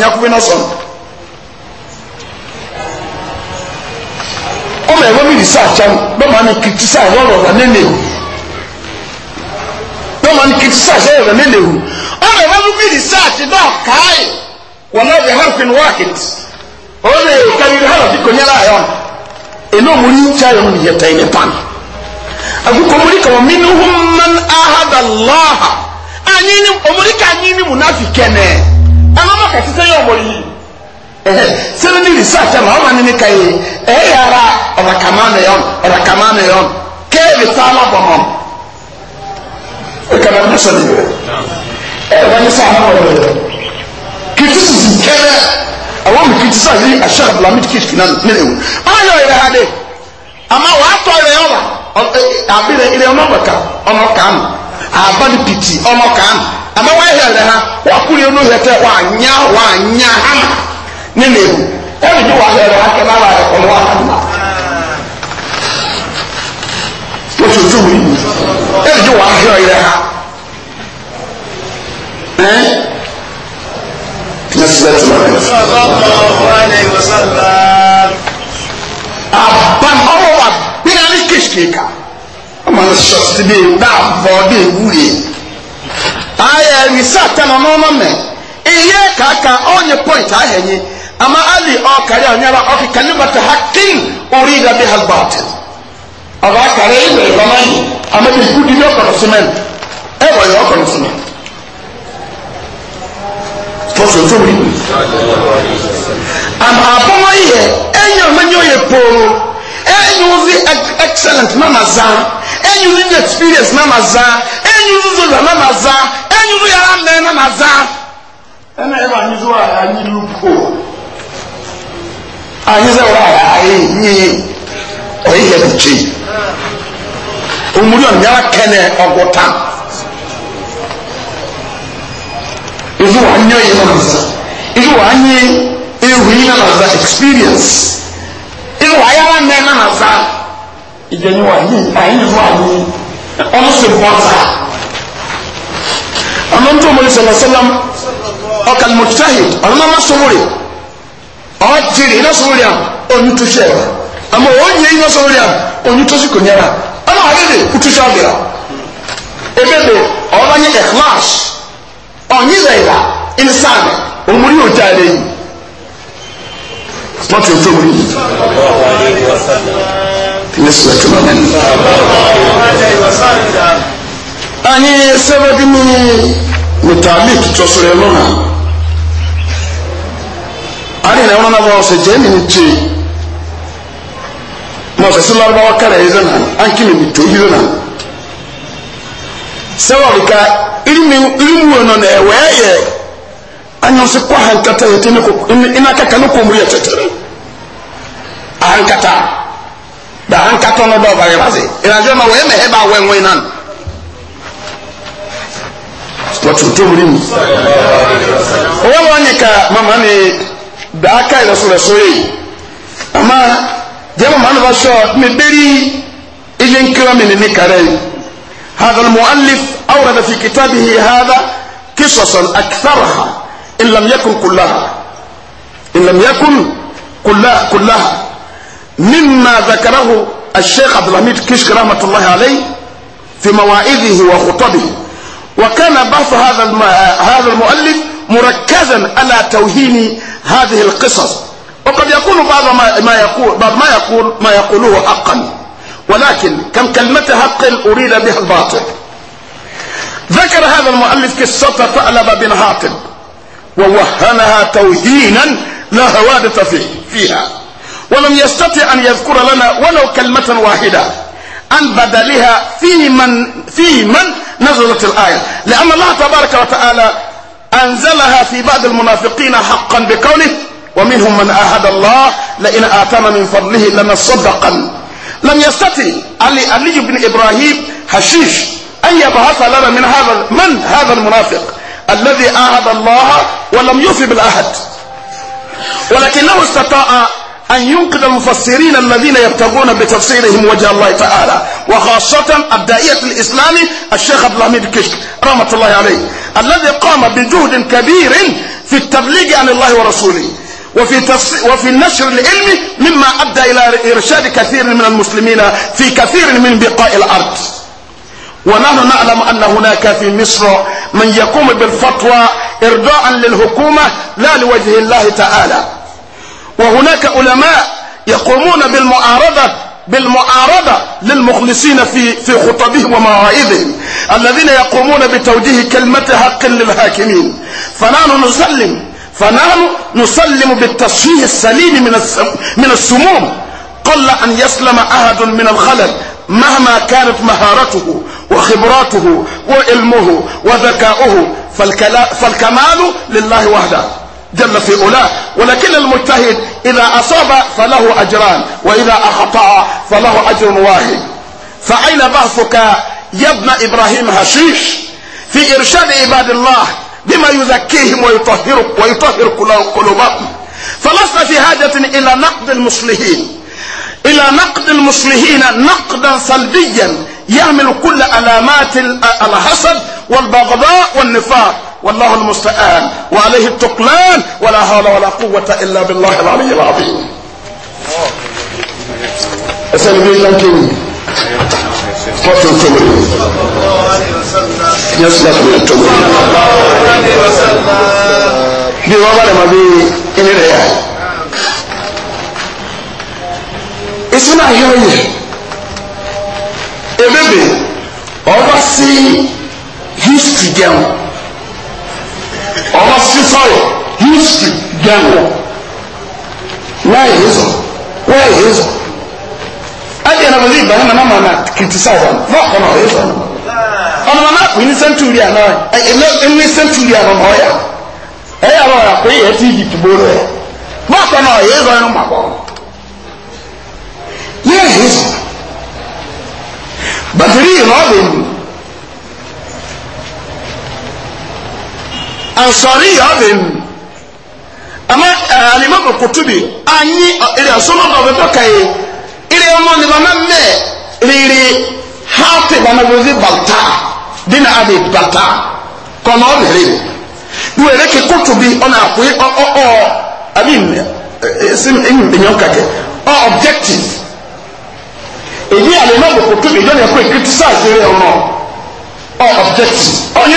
na kò ṣe ọmọ ẹ̀rọ mi research am bẹ́ẹ̀ máa ní criticize ọ̀rọ̀ rẹ̀ nílẹ̀ o bẹ́ẹ̀ máa ní criticize ọ̀rọ̀ rẹ̀ nílẹ̀ o ọmọ ẹ̀rọ mi research náà káyì wọn náà bẹ̀ harfin wákìt ọ̀rọ̀ rẹ̀ kẹ́rin harfi kò nyẹ́ra ayọ́ ẹ̀nà òmò ní ìjà yọ̀ ní yẹ̀tẹ̀ ẹ̀ pan àgùkọ mọ̀ríkà wọn mi ní hùm man ahada lọ́ha ànyìn ní mọ̀ríkà ànyìn ní mùnáfi kẹ́nẹ̀ ẹ̀ ẹ̀ sɛbɛn ni research ma ɔma ne ne ka ye ɛyɛ yara ɔba kama ne yɔn ɔba kama ne yɔn kéèmì sáálà bɔ mɔm ɛkɛmɛ ne ɛyɛ wani mɔm sisi kɛlɛ àwọn mi kìtì sáà yi ahyɛ abúlé mi kìtì kìnnà ne ha de ama wa e, e, ka piti kan ama ha tɛ wanya nínú ewu ẹni tí wàá hẹrẹ wàá kẹ bá wà rẹ kọ́ni wàá hàn má. oṣooṣù wò yìí ẹni tí wàá hẹrẹ yẹrẹ ha ẹ ní sílẹ̀ tí wọ́n kẹ́. aban ọwọ́ wa gbéra ní kéṣìkéka ọmọ ní sọ́ọ̀sì bíi dáàbọ̀ bíi wúre ayẹyẹ ní sátánà ọmọ mẹ iye kàkà ọ̀nyẹ pọ́ìntì ahẹ́yẹ ama ali ɔkari oh, a oh, nyara ɔki oh, kalimata hakin ori da bi halbaati ɔba akari yi wɔ ɛbama yi ama bi gudi bi ɔkɔrɔ sumen ɛwɔ eh, yɛ ɔkɔrɔ sumen tɔso tó wuli ama abɔmɔ yi yɛ ɛnyɛ eh, ɔmɛ nyɛ ɔyɛ pooro ɛnyɛ eh, ozi excellent mama zan ɛnyɛ ozi the experience mama zan ɛnyɛ ozi zoza mama zan ɛnyɛ ozi yàrá mɛ mama zan ɛnna yɛ e, bá nyi zo a yà nyi lu koo. anyịza ụra anyị nyi oyihe nche omuri ọnyara kene ọgwụta izu anyị oyi na nza anyị ihu ihe na nza experience na nza anyị anyị ọnụ si bụ ọza ọnụ ntụ omori ọjiri iná sọrọ onye tó ṣe ẹ̀rọ àmọ́ onye iná sọrọ yà onye tó sì kò nyẹ́ra ọmọ àrídì kútúṣe ọ̀bìrà ebèbè ọ̀rọ̀ nye ẹ̀kláṣ ọ̀nyí zẹ̀yà ìnsàn òmùrí òjá ẹ̀rẹ́ yìí wọ́n ti ń mi mùtàmí tó sọ̀rọ̀ ẹ̀ ari na wọn bɔ sɛ jɛ nin tse mɛ sɛ sɛ lɔrɔbawa kara yi zana an kimi mi to yi zana sɛwɔri ka irimi irimu wɔ nɔ nɛ wɛɛ yɛ anyɔnsi kɔ hankata yɛ tɛ ko ina kaka ne ko mu yɛ tɛtɛrɛ a hankata da hankata no dɔw ba yɛ ba se irajɔ ma wɛɛ mɛ hɛ b'a wɛn wɛn nan wɔ tuntun mu ni mu ka mama ni. daa ka ìlọsọlọsọ yìí àmà jẹ́wọ́n màá nàfà sọ mi bẹ́rí ilé nkírọ́ kàrẹ́ هذا المؤلف أورد في كتابه هذا قصصا أكثرها إن لم يكن كلها إن لم يكن كلها كلها مما ذكره الشيخ عبد الحميد كشك رحمة الله عليه في مواعظه وخطبه وكان بحث هذا هذا المؤلف مركزا على توهين هذه القصص وقد يكون بعض ما, ما يقول بعض ما يقول ما يقوله حقا ولكن كم كلمة حق أريد بها الباطل ذكر هذا المؤلف قصة ثعلب بن حاطب ووهنها توهينا لا هوادث فيه فيها ولم يستطع أن يذكر لنا ولو كلمة واحدة عن بدلها في من في من نزلت الآية لأن الله تبارك وتعالى أنزلها في بعض المنافقين حقا بقوله ومنهم من أهد الله لئن آتانا من فضله لنا صدقا لم يستطع علي علي بن إبراهيم حشيش أن يبعث لنا من هذا من هذا المنافق الذي آهد الله ولم يوفي بالعهد ولكنه استطاع أن ينقذ المفسرين الذين يبتغون بتفسيرهم وجه الله تعالى وخاصة الدائية الإسلامي الشيخ عبد الحميد الكشك رحمة الله عليه الذي قام بجهد كبير في التبليغ عن الله ورسوله وفي وفي النشر العلمي مما أدى إلى إرشاد كثير من المسلمين في كثير من بقاع الأرض ونحن نعلم أن هناك في مصر من يقوم بالفتوى إرضاء للحكومة لا لوجه الله تعالى وهناك علماء يقومون بالمعارضة بالمعارضة للمخلصين في في خطبهم ومواعظهم الذين يقومون بتوجيه كلمة حق للحاكمين فنحن نسلم فنحن نسلم بالتصحيح السليم من من السموم قل أن يسلم أحد من الخلل مهما كانت مهارته وخبراته وعلمه وذكاؤه فالكمال لله وحده جل في علاه ولكن المجتهد إذا أصاب فله أجران وإذا أخطأ فله أجر واحد فأين بحثك يا ابن إبراهيم هشيش في إرشاد عباد الله بما يزكيهم ويطهر ويطهر قلوبهم فلست في حاجة إلى نقد المصلحين إلى نقد المصلحين نقدا سلبيا يحمل كل علامات الحسد والبغضاء والنفاق والله المستعان وعليه التقلان ولا حول ولا قوة إلا بالله العلي العظيم أسأل بالله كم قتل تمر يسلك من التمر bí wọ́n bá dàgbà bí ilé rẹ̀ yá ìsúná yọ yẹ ọmọ sísọrọ history gẹwọ wáyé hezọ wáyé hezọ ẹdí ẹnà wọlé ìgbà ẹnà mọ náà kìrìtìsáwọ náà kọ náà hezọ ọmọ náà kò ní sẹńtúrì àná ẹ ẹ ní sẹńtúrì àná náà ọyà ẹ yà wọn àpò yẹ ti di tìbóró ẹ náà kọ náà hezọ ẹnu màbọ yẹ hezọ bàtìrì yìí náà lè mú. ansɔri yɛ ɔbɛ mu ama eh, alima kɔkɔtu bi anyi ɛdi eh, asoma ba ɔbɛ kɔka yi ɛdi ɔmo ne ba na mɛ riri hafi ba na wòle bata di na adi bata kɔnɔ ɔbɛri du ɛdi ke bi ɔna akoe ɔɔ abi kakɛ ɔ bi ɔ bɛ.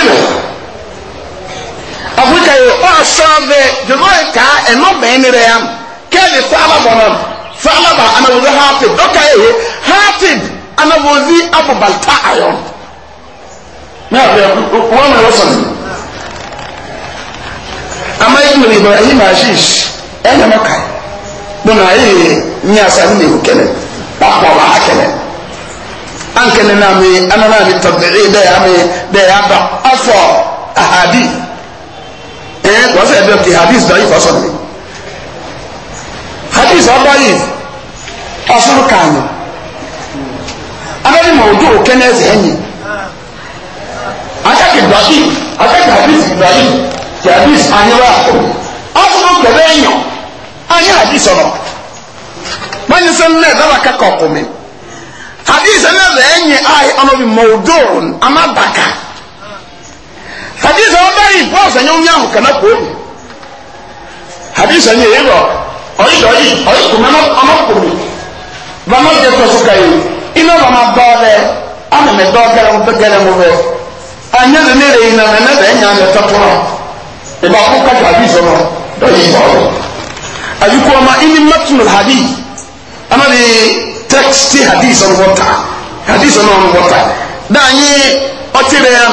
ɔkuta yi ɔsɔɔbe dzodoyi kaa ɛnɔ bɛn ni rɛ yam kɛli e saala bɔnɔ saala ba anabozi haatib dɔka yi he haatib anabozi abobalta ayɔn ne yà bɛ wọn mi wosɔn ama yi mi ribɔ ayi ma asis ɛnyɛ mɔ kai bona ayi nyi asa ni ne kɛnɛ kpakpɔ ba ha kɛnɛ an kɛnɛ naa mi anana mi tɔ bɛri dɛ yà ba afɔ ahadi ẹ eh, wọ́n sẹ̀ bẹ́ẹ̀ kí hadith dọ̀ yìí fọ́sọ̀ mi hadith ọ̀dọ̀ yìí ọ̀sùn kàánù abẹ́rẹ́ mọ̀ ojú òkè náà ẹ̀sẹ̀ ẹ̀yìn akẹ́kẹ̀ ibrahim akẹ́kẹ̀ hadith ibrahim ti hadith anyinwa ọ̀sùn kẹ̀lẹ́ ẹ̀yàn anyi hadith ọ̀nà wọ́n yin sẹ́ni náà dábàá kẹ́kọ̀ọ́ kùnmi hadith ẹ̀ náà ẹ̀yìn ayé ọ̀nà bí mọ̀ ojú òun amábàkà hadisa wọn báyìí bọ́ọ̀ sanyẹ wọn yàn kàná kóòmù hadisa yẹn yẹn lọ ọyí lọ yìí ọyí kùmẹ ọmọ kùmẹ bàmọ jẹ tọsí kàyé iná bàmọ bọ lẹ amẹmẹ dọ gẹrẹ mo bẹ gẹrẹ mo bẹ anyẹ ní ne lè yìí nàmẹ ne bẹ nyà mẹ tọtọ rọ ìbá kó kájú hadisa rọ dọ yìí bọ rọ àyíkú ọmọ ẹni mẹtùnú hadi ọmọ ni tẹkisiti hadisa wọn ta hadisa wọn wọn ta dáa nyi ọtí rẹ yẹn.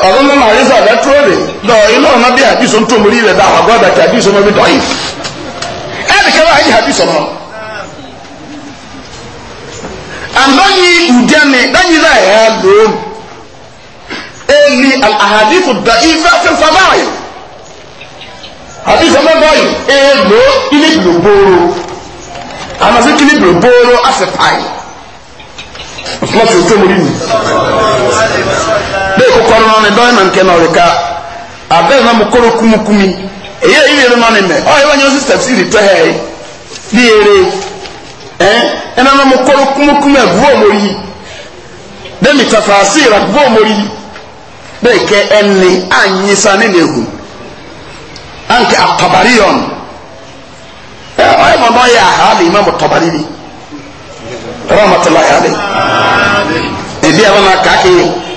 ọdún náà máa rí sọ ọ̀dẹ́ tó rè dọ̀ iná ọ̀nà bí àdìsọ ń tòmórí rẹ̀ dá àwọn àgbàdà kí àdìsọ mọ́ bí dọ̀yìn ẹnì kan láàyè àdìsọ mọ́ àlọ́yìn ìdẹ́ni lẹ́yìn náà ẹ̀ lóun eli àhàdìsọ dà ìfẹ́ fífa báyìí àdìsọ mọ́ báyìí ẹ̀ ló ilé gbòòrò àmọ́ sí kílí gbòòrò àfẹ́fà yìí ọ̀tún láti ọ̀tún mọ́ kɔkɔrɔ nɔ ni dɔɔni na nkɛ nɔri ka abɛn na mu kɔrɔ kumukumi eye iyere nɔ ni mɛ ɔyɛ wanyɛ ɔsi sɛfisiri tɔ hɛ ere ɛn eh, ɛna na mu kɔrɔ kumukumi ɛbuo e, mo yi dɛmi tafaasi ra buo mo yi bɛyi kɛ ɛni anyisa ne na ehu anke akɔbari yɔn ɛ eh, ɔyɛ mɔ n'ɔyɛ aha ali ma mo tɔbari bi rɔmɔtɔla yɛ ali ebi awon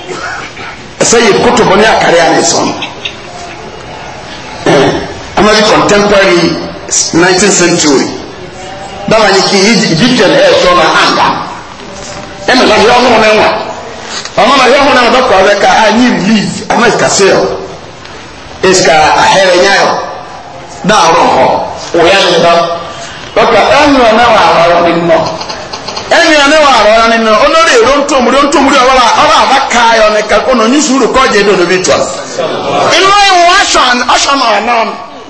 ɛsɛ yɛ koto bɔ ne akare a ne 19 ama bi contemporary nineteen century báwa ni kí egyptian ẹ̀ tọ́ na anga
ɛna na hwɛ ɔmo ne
ɔmo na hwɛ ɔmo ne nwa ka a nyi relief ama ika se yɔ esika ahɛrɛ nya ɔrɔ hɔ ɔyɛ ne dɔkɔ ẹ̀yìn ọ̀nẹ́ wà rọ̀ ọ̀nà nínú olórí èrò ntòmúrí ntòmúrí ọ̀rọ̀ ọ̀rọ̀ àbá ká ayọ̀ nìkan kó nàá yíṣu rúkọ́ jẹ́ dòdò bí tọ́. inú ewu ọ̀ṣàn ọ̀ṣàn ọ̀rọ̀ náà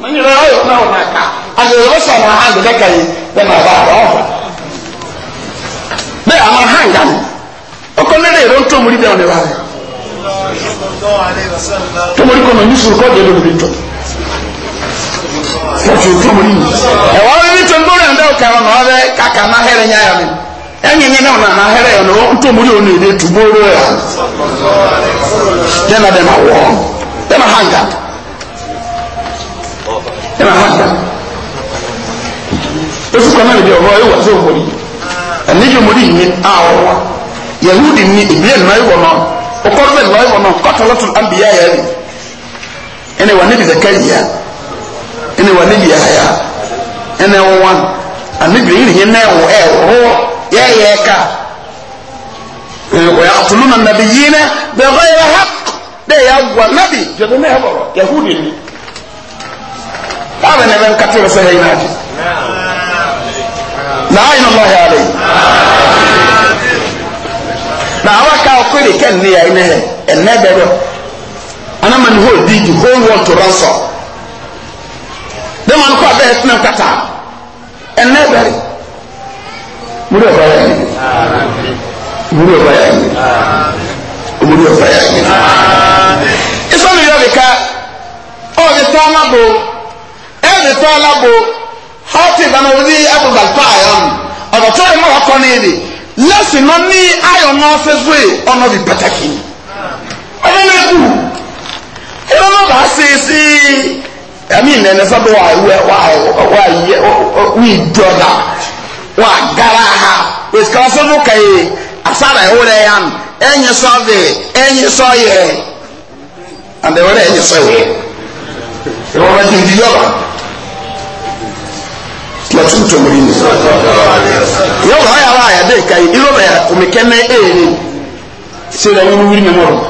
mọ̀nyí ọ̀yọ̀ náà wọ̀ náà ká àgbèrè ọ̀ṣàn náà hàn dẹ́kẹ̀ yìí bẹ́ẹ̀ bá rọ̀ ọ̀hún. bẹ́ẹ̀ àwọn hàn èrò bí ẹnyẹnyẹ náà nà ahẹrẹ yẹn náà ntọ́ mu nìyẹn bụ ọ̀rọ̀ yẹn dẹ́nà na wọ́ dẹ́nà hanga hanga ya kan náà lè di ọ̀rọ̀ ẹ̀ wà sí òmòdì ẹ̀ní yóò mòdì yìí àwọ̀ wa yahudi ni ìbí ya ya yẹn wà níbi yìí wà níbi yàrá yìí yɛyɛ ka wɔyɛatuluna nabiyina bɛgɔyɛ hak dɛ yɛagoa nabi dwɛdo ne ɛbɔrɔ yahudi ni aba ne bɛnkate wɔ sɛ hɛ yinaagye laayina allahi alayhi na awa ka ɔkɔre kɛ nne yɛ ne hɛ ɛnɛ bɛdɔ anamani hɔ di the whole world to ransom dɛ ma no kɔ abɛɛ tena nkata múlẹ̀ ọ̀fà yà yìí múlẹ̀ ọ̀fà yà yìí múlẹ̀ ọ̀fà yà yìí. ìsọ̀nù yóò lè ka ọ̀rẹ́ tó alábò ẹ̀rẹ́ tó alábò ọ̀tí ìbámu wọlé abúgbàgbà ayọ̀n ọ̀dọ̀ tó yẹ mọ̀ ọkọ̀ ní èdè lẹ́sìn náà ní ayọ̀ náà fẹ́ fún ẹ̀ ọ̀nà bí pàtàkì ọ̀nà náà kù ẹ̀rọ náà bá ṣe é sí ẹ̀mí ìnẹ̀ẹ́nẹ́sọ́dọ̀ wà wíjọ́ wa gara ha wesikala so do kaye asara ewore ya no enyi so de enyi so ye and ewore enyi so ye ewore ti di yoba ti atu to muri ni yoba ha ya wa ya de kaye ilo ba ya kumikene e ni sira ni wuri ni moro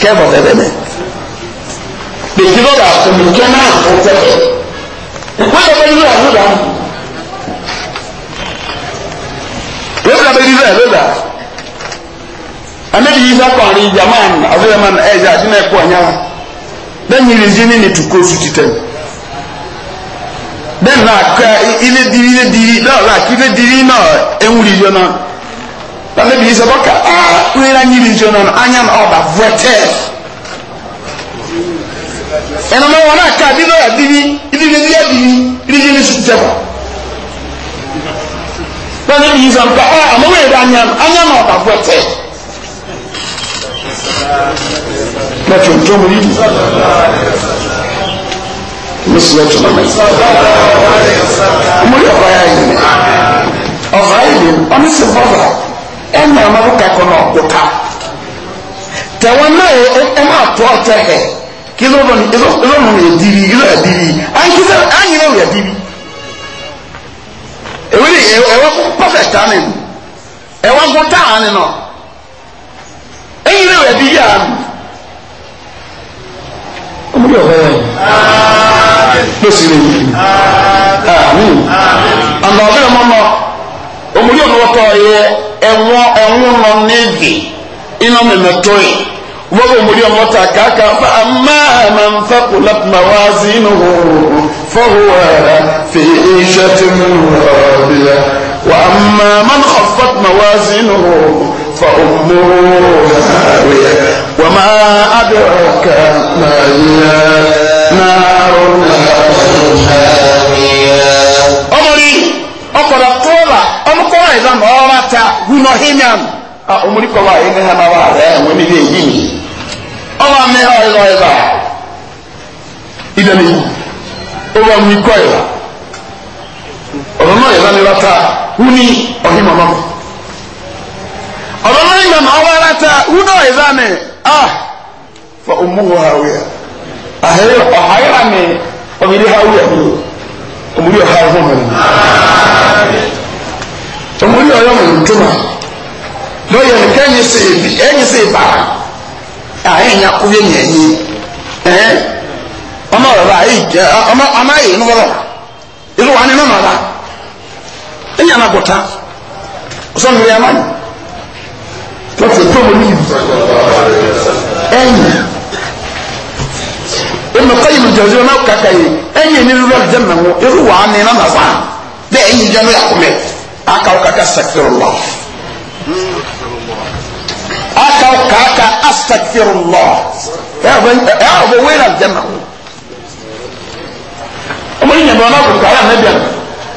kebo de de me de ti yoba kumikene o te ko ko ba ni ya ni da wọ́n fẹ́ di, dídá lọ́dà anabi yìí sá kọ́ni jaman afẹ́yàmán ẹ̀jẹ̀ àti náà kọ́ ọ̀nyá bẹ́ẹ̀ nyiri zi ní nìtukọ̀ oṣù títẹ̀ bẹ́ẹ̀ náà ká ilé diri ilé diri náà náà kí ilé diri náà ewúri yọ náà anabi yìí sá bọ́ka aa wọ́n yẹn nyiri yọ náà anya náà ọ̀dà vẹ́tẹ́ ẹnumẹ wọn náà ká bí náà diri ilé diri adiri ilé diri sùn tẹ̀ wọ́n. Eh, lọ́nà yìí sọ nǹkan ẹ àmọ́wé èdè anyam anyam ọ̀dà gbọ́tẹ̀. lọ́tọ̀ tó mu yìí mo sì lọ́tọ̀ mọ́ mi. mo yọ ọ̀rọ̀ yà yìí ọ̀rọ̀ yìí ọ̀nà sì bọ̀rọ̀ ẹ̀ ní ọmọdé kakọ̀ náà kóka tẹ̀wọ́n náà ẹ máa tọ́ ọ̀tẹ̀ hẹ̀ kí ló lọ́nà ìdírí ìlú ẹ̀dírí àyìnlẹ́wò ẹ̀dírí ewele ɛwɔ e, koko e, perfect ani ɛwɔ e, nko taa ani nɔ eyi ne wɛ bi yia ɔmu yɛ ɔbɛyɛ lɔsi ne yi ami ama ɔbɛyɛ mo nɔ ɔmu yɛ ɔnɔtɔ yɛ ɛwɔ ɛwɔ nɔ n'evi ina mɛmɛtɔ yi wɔbɛ ɔmu yɛ ɔnɔtɔ kaka fa ama ama nfa kola kuma wa zi no ho. فهو في عيشة راضية وأما من خفت موازنه فأمه هاوية وما أدرك ما هي نار أمري أقول طولا أمكوا إذا نورتا هنا هنا أمري كوا إنها نوارا ونبيه أمامي أيضا إذا إذا ọ mwiko ya ọ̀rọ̀nà ìlànà ìlàta wúni ọ̀hìmọ̀ náà bụ ìlànà ọwọ́ ìlàta wúni ìlànà ah fa umuhu hawiya ahayira mi ọmọdé hawiya mi ọmọdé ọha ọhún mi ọmọdé ọyọ mi lọ́yẹ̀ sí ẹ̀yìn sí ìbára ọmọ rẹ bá yìí jẹ ọmọ ọmọ yìí nìwọlọ irú wa ni nínú ọba ẹni àná gòtá ọsàn nìyẹn amáyé tó ti tó wọn níbi ẹyìn ẹnu kọyìn mi jẹjẹrẹ náà kàkà yìí ẹyìn ní irú wa jẹ mẹwọ irú wa ni nínú ọba bẹẹ ẹyìn jẹ ní àkùnmẹ akaw kaka asakirullah akaw kaka asakirullah ẹ ọ bẹ wẹrẹ jẹ mẹwọ ọmọ yìí nyàmú ọ̀nà àkùkọ ayé ànábìà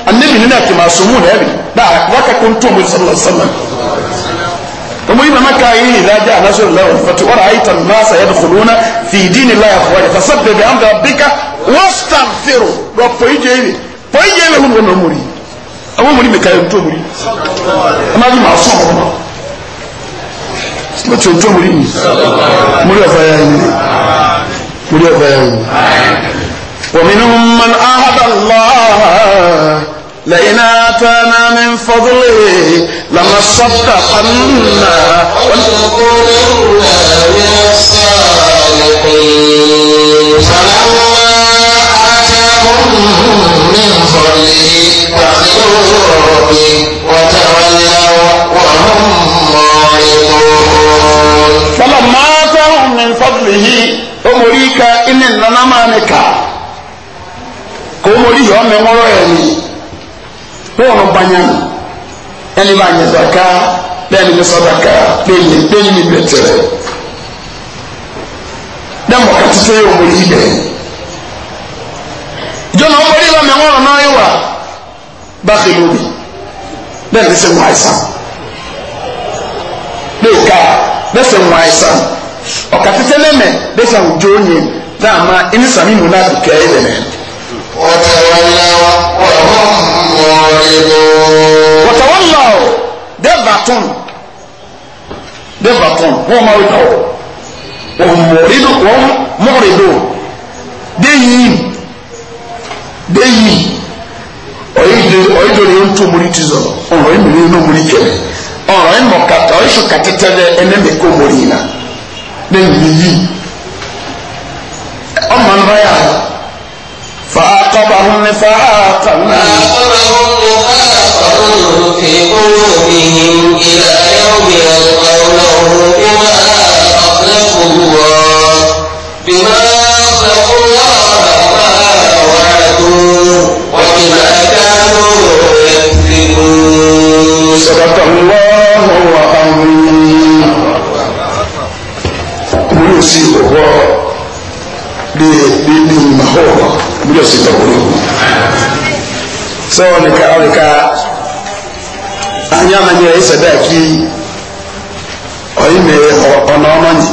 ànábì nínú ẹ̀tì máa sùn múnà ẹ̀bì náà wákà kó ntọ́ ọmọ sọlọ sọlọ ọmọ yìí màmá káyé yìí lájà anásọ̀rọ̀ lẹ́wọ̀n fati wọ́n ayé tàn náà sàyẹ́ dùkùlùnà fìdí ni láyà fọwọ́ yẹ fasa bèbè àmì àbíkà wọ́stàn fèrò lọ pọ̀yìjẹ́ yìí pọ̀yìjẹ́ yìí lọ́wọ́ ọmọ mùrì ọmọ mùrì mi káyé ntọ́ mùrì ọmọ yìí màá sọ̀ ọmọ mo ti ntọ́ mùrì yìí mùrì ọ̀fà yà yìí mùrì ọ̀fà yà yìí. ومنهم من أعد الله لئن آتانا من فضله لنصدقن ونكونن من الصالحين فلما آتاهم من فضله فعلوا إن وتولوا وهم معرضون فلما آتاهم من فضله إن omori yɛ ɔmɛ ŋɔrɔ yɛ ni wɔn banya ɛni b'a nyɛ daka bɛni bɛ sɔdaka bɛni bɛni mi bɛ tɛrɛ dɛmɔ kati sɛ omori yi dɛ jɔna omori yɛ ɔmɛ ŋɔrɔ n'ayi wa bafe lobi bɛni bɛ sɛ ŋɔ ayisan bɛyi ka bɛ sɛ ŋɔ ayisan ɔkati sɛ lɛmɛ bɛ sɛ ŋɔ jo nye dama ɛni sami mu n'a ti kɛ ɛyɛ lɛmɛ. وتولوا وهم معرضون وتولوا دبعتم دبعتم هو موضوع وهم معرضون وهم معرضون دين tó mori ti zọrọ ọrọ yìí mìíràn yóò mori kẹlẹ ọrọ yìí mọkàtà ọyíṣu kàtẹtẹ dẹ kó mori yìí ọmọ أكثرهم نفاقا ما أكثرهم نفاقا في قلوبهم إلى يوم يلقونه بما أخلفوا الله بما أخلفوا الله ما وعدوه وبما كانوا يكذبون صدق الله العظيم كل سيد josita wuri sai wani ka aurika anya na nyere isa da ki oyi me ọna ọna nyi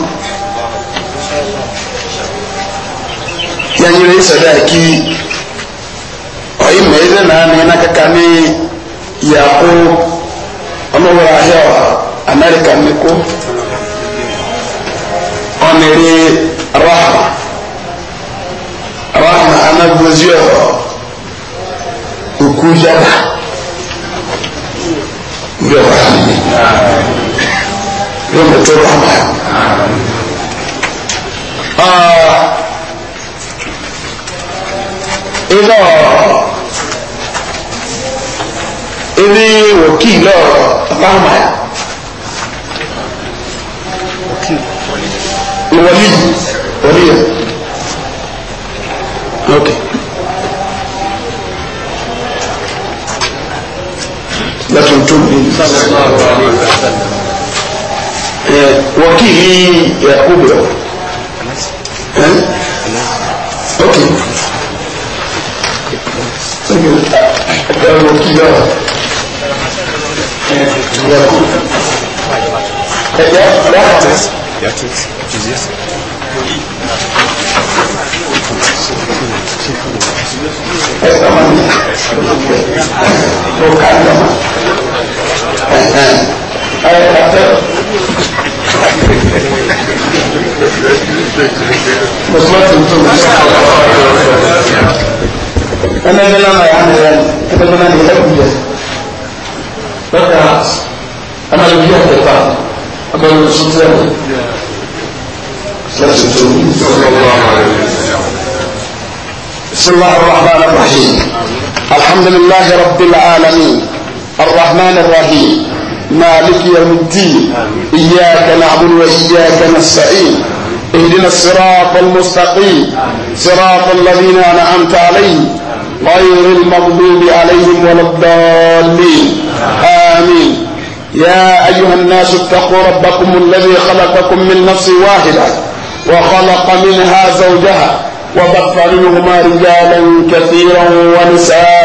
ya nyere isa da ki oyi me ide na ani na kaka ni ya ko ọna wura ahịa amerika gozi ọ òkú yaba yọ wà mí yọ mẹtọ wà má. ilé ọ ilé wòkìlì ọ ọba má yà. wòlíì wòlíì ok. sallallahu eh, wakili yakubu eh? eh, yau أنا أنا ما يعني كتب أنا بحب جزء بقى أنا اللي بيها كتاب أما اللي بسلطان صلى الله عليه وسلم بسم الله الرحمن الرحيم الحمد لله رب العالمين الرحمن الرحيم مالك يوم الدين إياك نعبد وإياك نستعين اهدنا الصراط المستقيم صراط الذين أنعمت عليهم غير المغضوب عليهم ولا الضالين آمين يا أيها الناس اتقوا ربكم الذي خلقكم من نفس واحدة
وخلق منها
زوجها وبث منهما رجالا كثيرا ونساء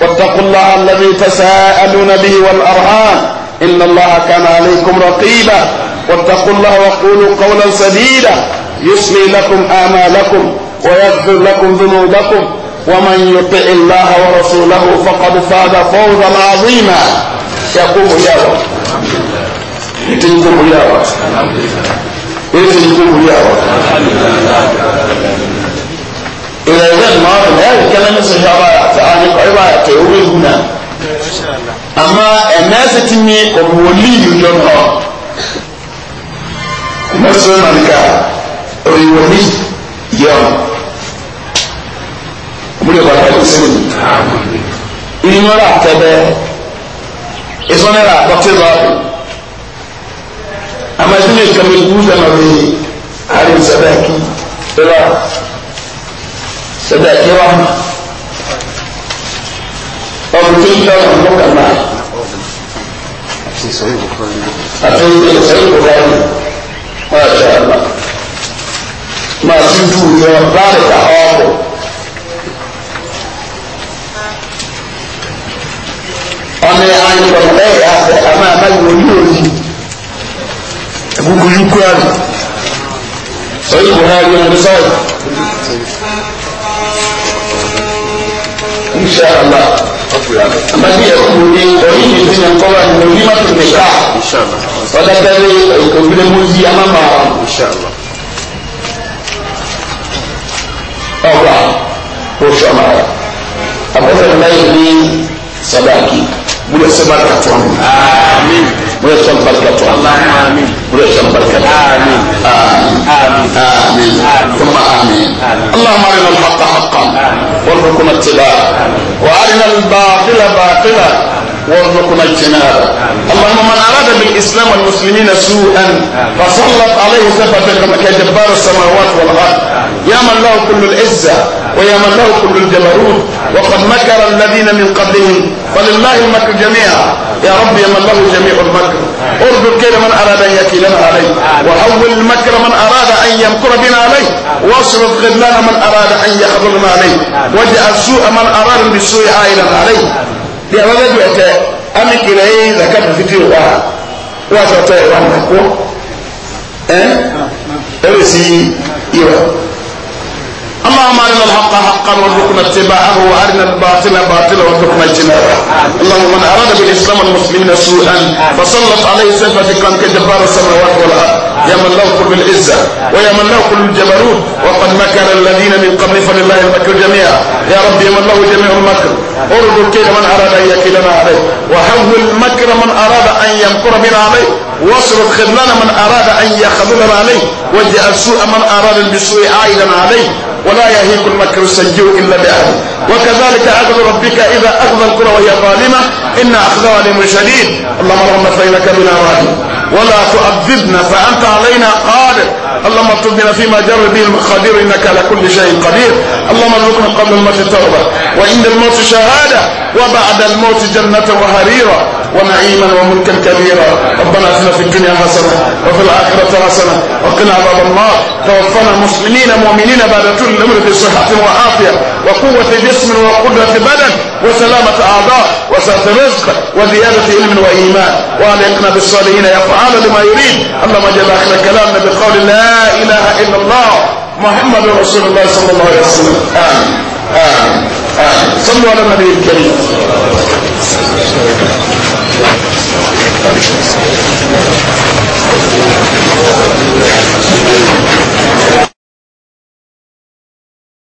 واتقوا الله الذي تساءلون به والأرحام إن الله كان عليكم رقيبا واتقوا الله وقولوا قولا سديدا يصلي لكم آمالكم ويغفر لكم ذنوبكم ومن يطع الله ورسوله فقد فاز فوزا عظيما يقوم يا رب تنقم يا رب تنقم يا رب إذا إذا ما هذا الكلام صحيح ɔyɛba ta ewuro ihu na ama ɛnɛɛsɛ ti mi ɔmo wòli yunjɔ nɔ ɛnɛɛsɛ manika ɔyɛ wòli yɛ ɔmo yɛ bàtà ɛkò sɛnɛ mi ìnyɔra atɛbɛ ìsɔnɛra akɔtɛ lɔri ama ɛdini kame gu sɛnɛ mi ari sɛbɛ ki ɛlɔ sɛbɛ ki wa lọ́rọ̀ ló kà máa. àti ìsọ̀rọ̀ ìbùkọ́ni. àti ìsọ̀rọ̀ ìbùkọ́ni máa ṣe àgbà máa ti dùn yọ láàrin ká ọ̀pọ̀. ọmọ àyìnbọn lẹ́yìn àfẹ́ àmọ́ àbáyọ̀ orí òní ẹ̀bùkún yìí kú àná. sọ̀rọ̀ ìbùkọ́ni ló ń sọ̀rọ̀. inṣàlá amadi ɛkuni ɔyi ni bi na kɔba ni oyi ma tu ne ka ɔdata bi obìnrin mu yi ama ma ɔba o sɔ ma ra abɔfra nana yi ni sadaki bulu sɛba ka tɔn. ويسلم بركته اللهم امين ويسلم بركته امين امين امين ثم امين اللهم ارنا الحق حقا وارزقنا اتباعه وارنا الباطل باطلا وارزقنا اجتنابه اللهم من أراد بالإسلام والمسلمين سوءا فسلط عليه سفة كجبار السماوات والأرض يا من له كل العزة ويا من له كل الجبروت وقد مكر الذين من قبلهم فلله المكر جميعا يا رب يا من له جميع المكر ارزق كيد من أراد أن يكيلنا عليه وحول المكر من أراد أن يمكر بنا عليه واصرف غلنا من أراد أن يخذلنا عليه واجعل سوء من أراد بالسوء عائلا عليه di àwọn ẹgbẹ́ ọ̀tẹ àmì kìlẹ̀ yìí zakatu fiti wà wà sọ̀tẹ̀ wà nàkó ẹ ẹ lè sí ìwà. أما أمرنا الحق حقا وارزقنا اتباعه وأرنا الباطل باطلا وارزقنا اجتنابه اللهم من أراد بالإسلام والمسلمين سوءا فسلط عليه سيفا كجبار السماوات والأرض يا من له كل العزة ويا من له كل الجبروت وقد مكر الذين من قبل فلله المكر جميعا يا رب يا من له جميع المكر ارد الكيل من أراد أن يكيلنا عليه وهول المكر من أراد أن يمكر بنا عليه واصرف خذلان من أراد أن يخذلنا عليه واجعل سوء من أراد بالسوء عائدا عليه ولا يهيك المكر السيء إلا بأهله وكذلك أخذ ربك إذا أخذ القرى وهي ظالمة إن أخذها لمن شديد اللهم رحمة فإنك بنا راحم ولا تؤذبنا فأنت علينا قادر اللهم اكتب فيما جر به المقادير انك على كل شيء قدير اللهم ارزقنا قبل الموت توبه وعند الموت شهاده وبعد الموت جنه وهريرا ونعيما وملكا كبيرا ربنا اتنا في الدنيا حسنه وفي الاخره حسنه وقنا عذاب النار توفنا مسلمين مؤمنين بعد طول الامر في صحه وعافيه وقوه جسم وقدره بدن وسلامه اعضاء وسعه رزق وزياده علم وايمان يقنا بالصالحين يفعل لما يريد اللهم اجعل اخر كلامنا بقول الله إله إلا الله محمد رسول الله صلى الله عليه وسلم آمين آمين آمين صلوا على النبي الكريم Thank you.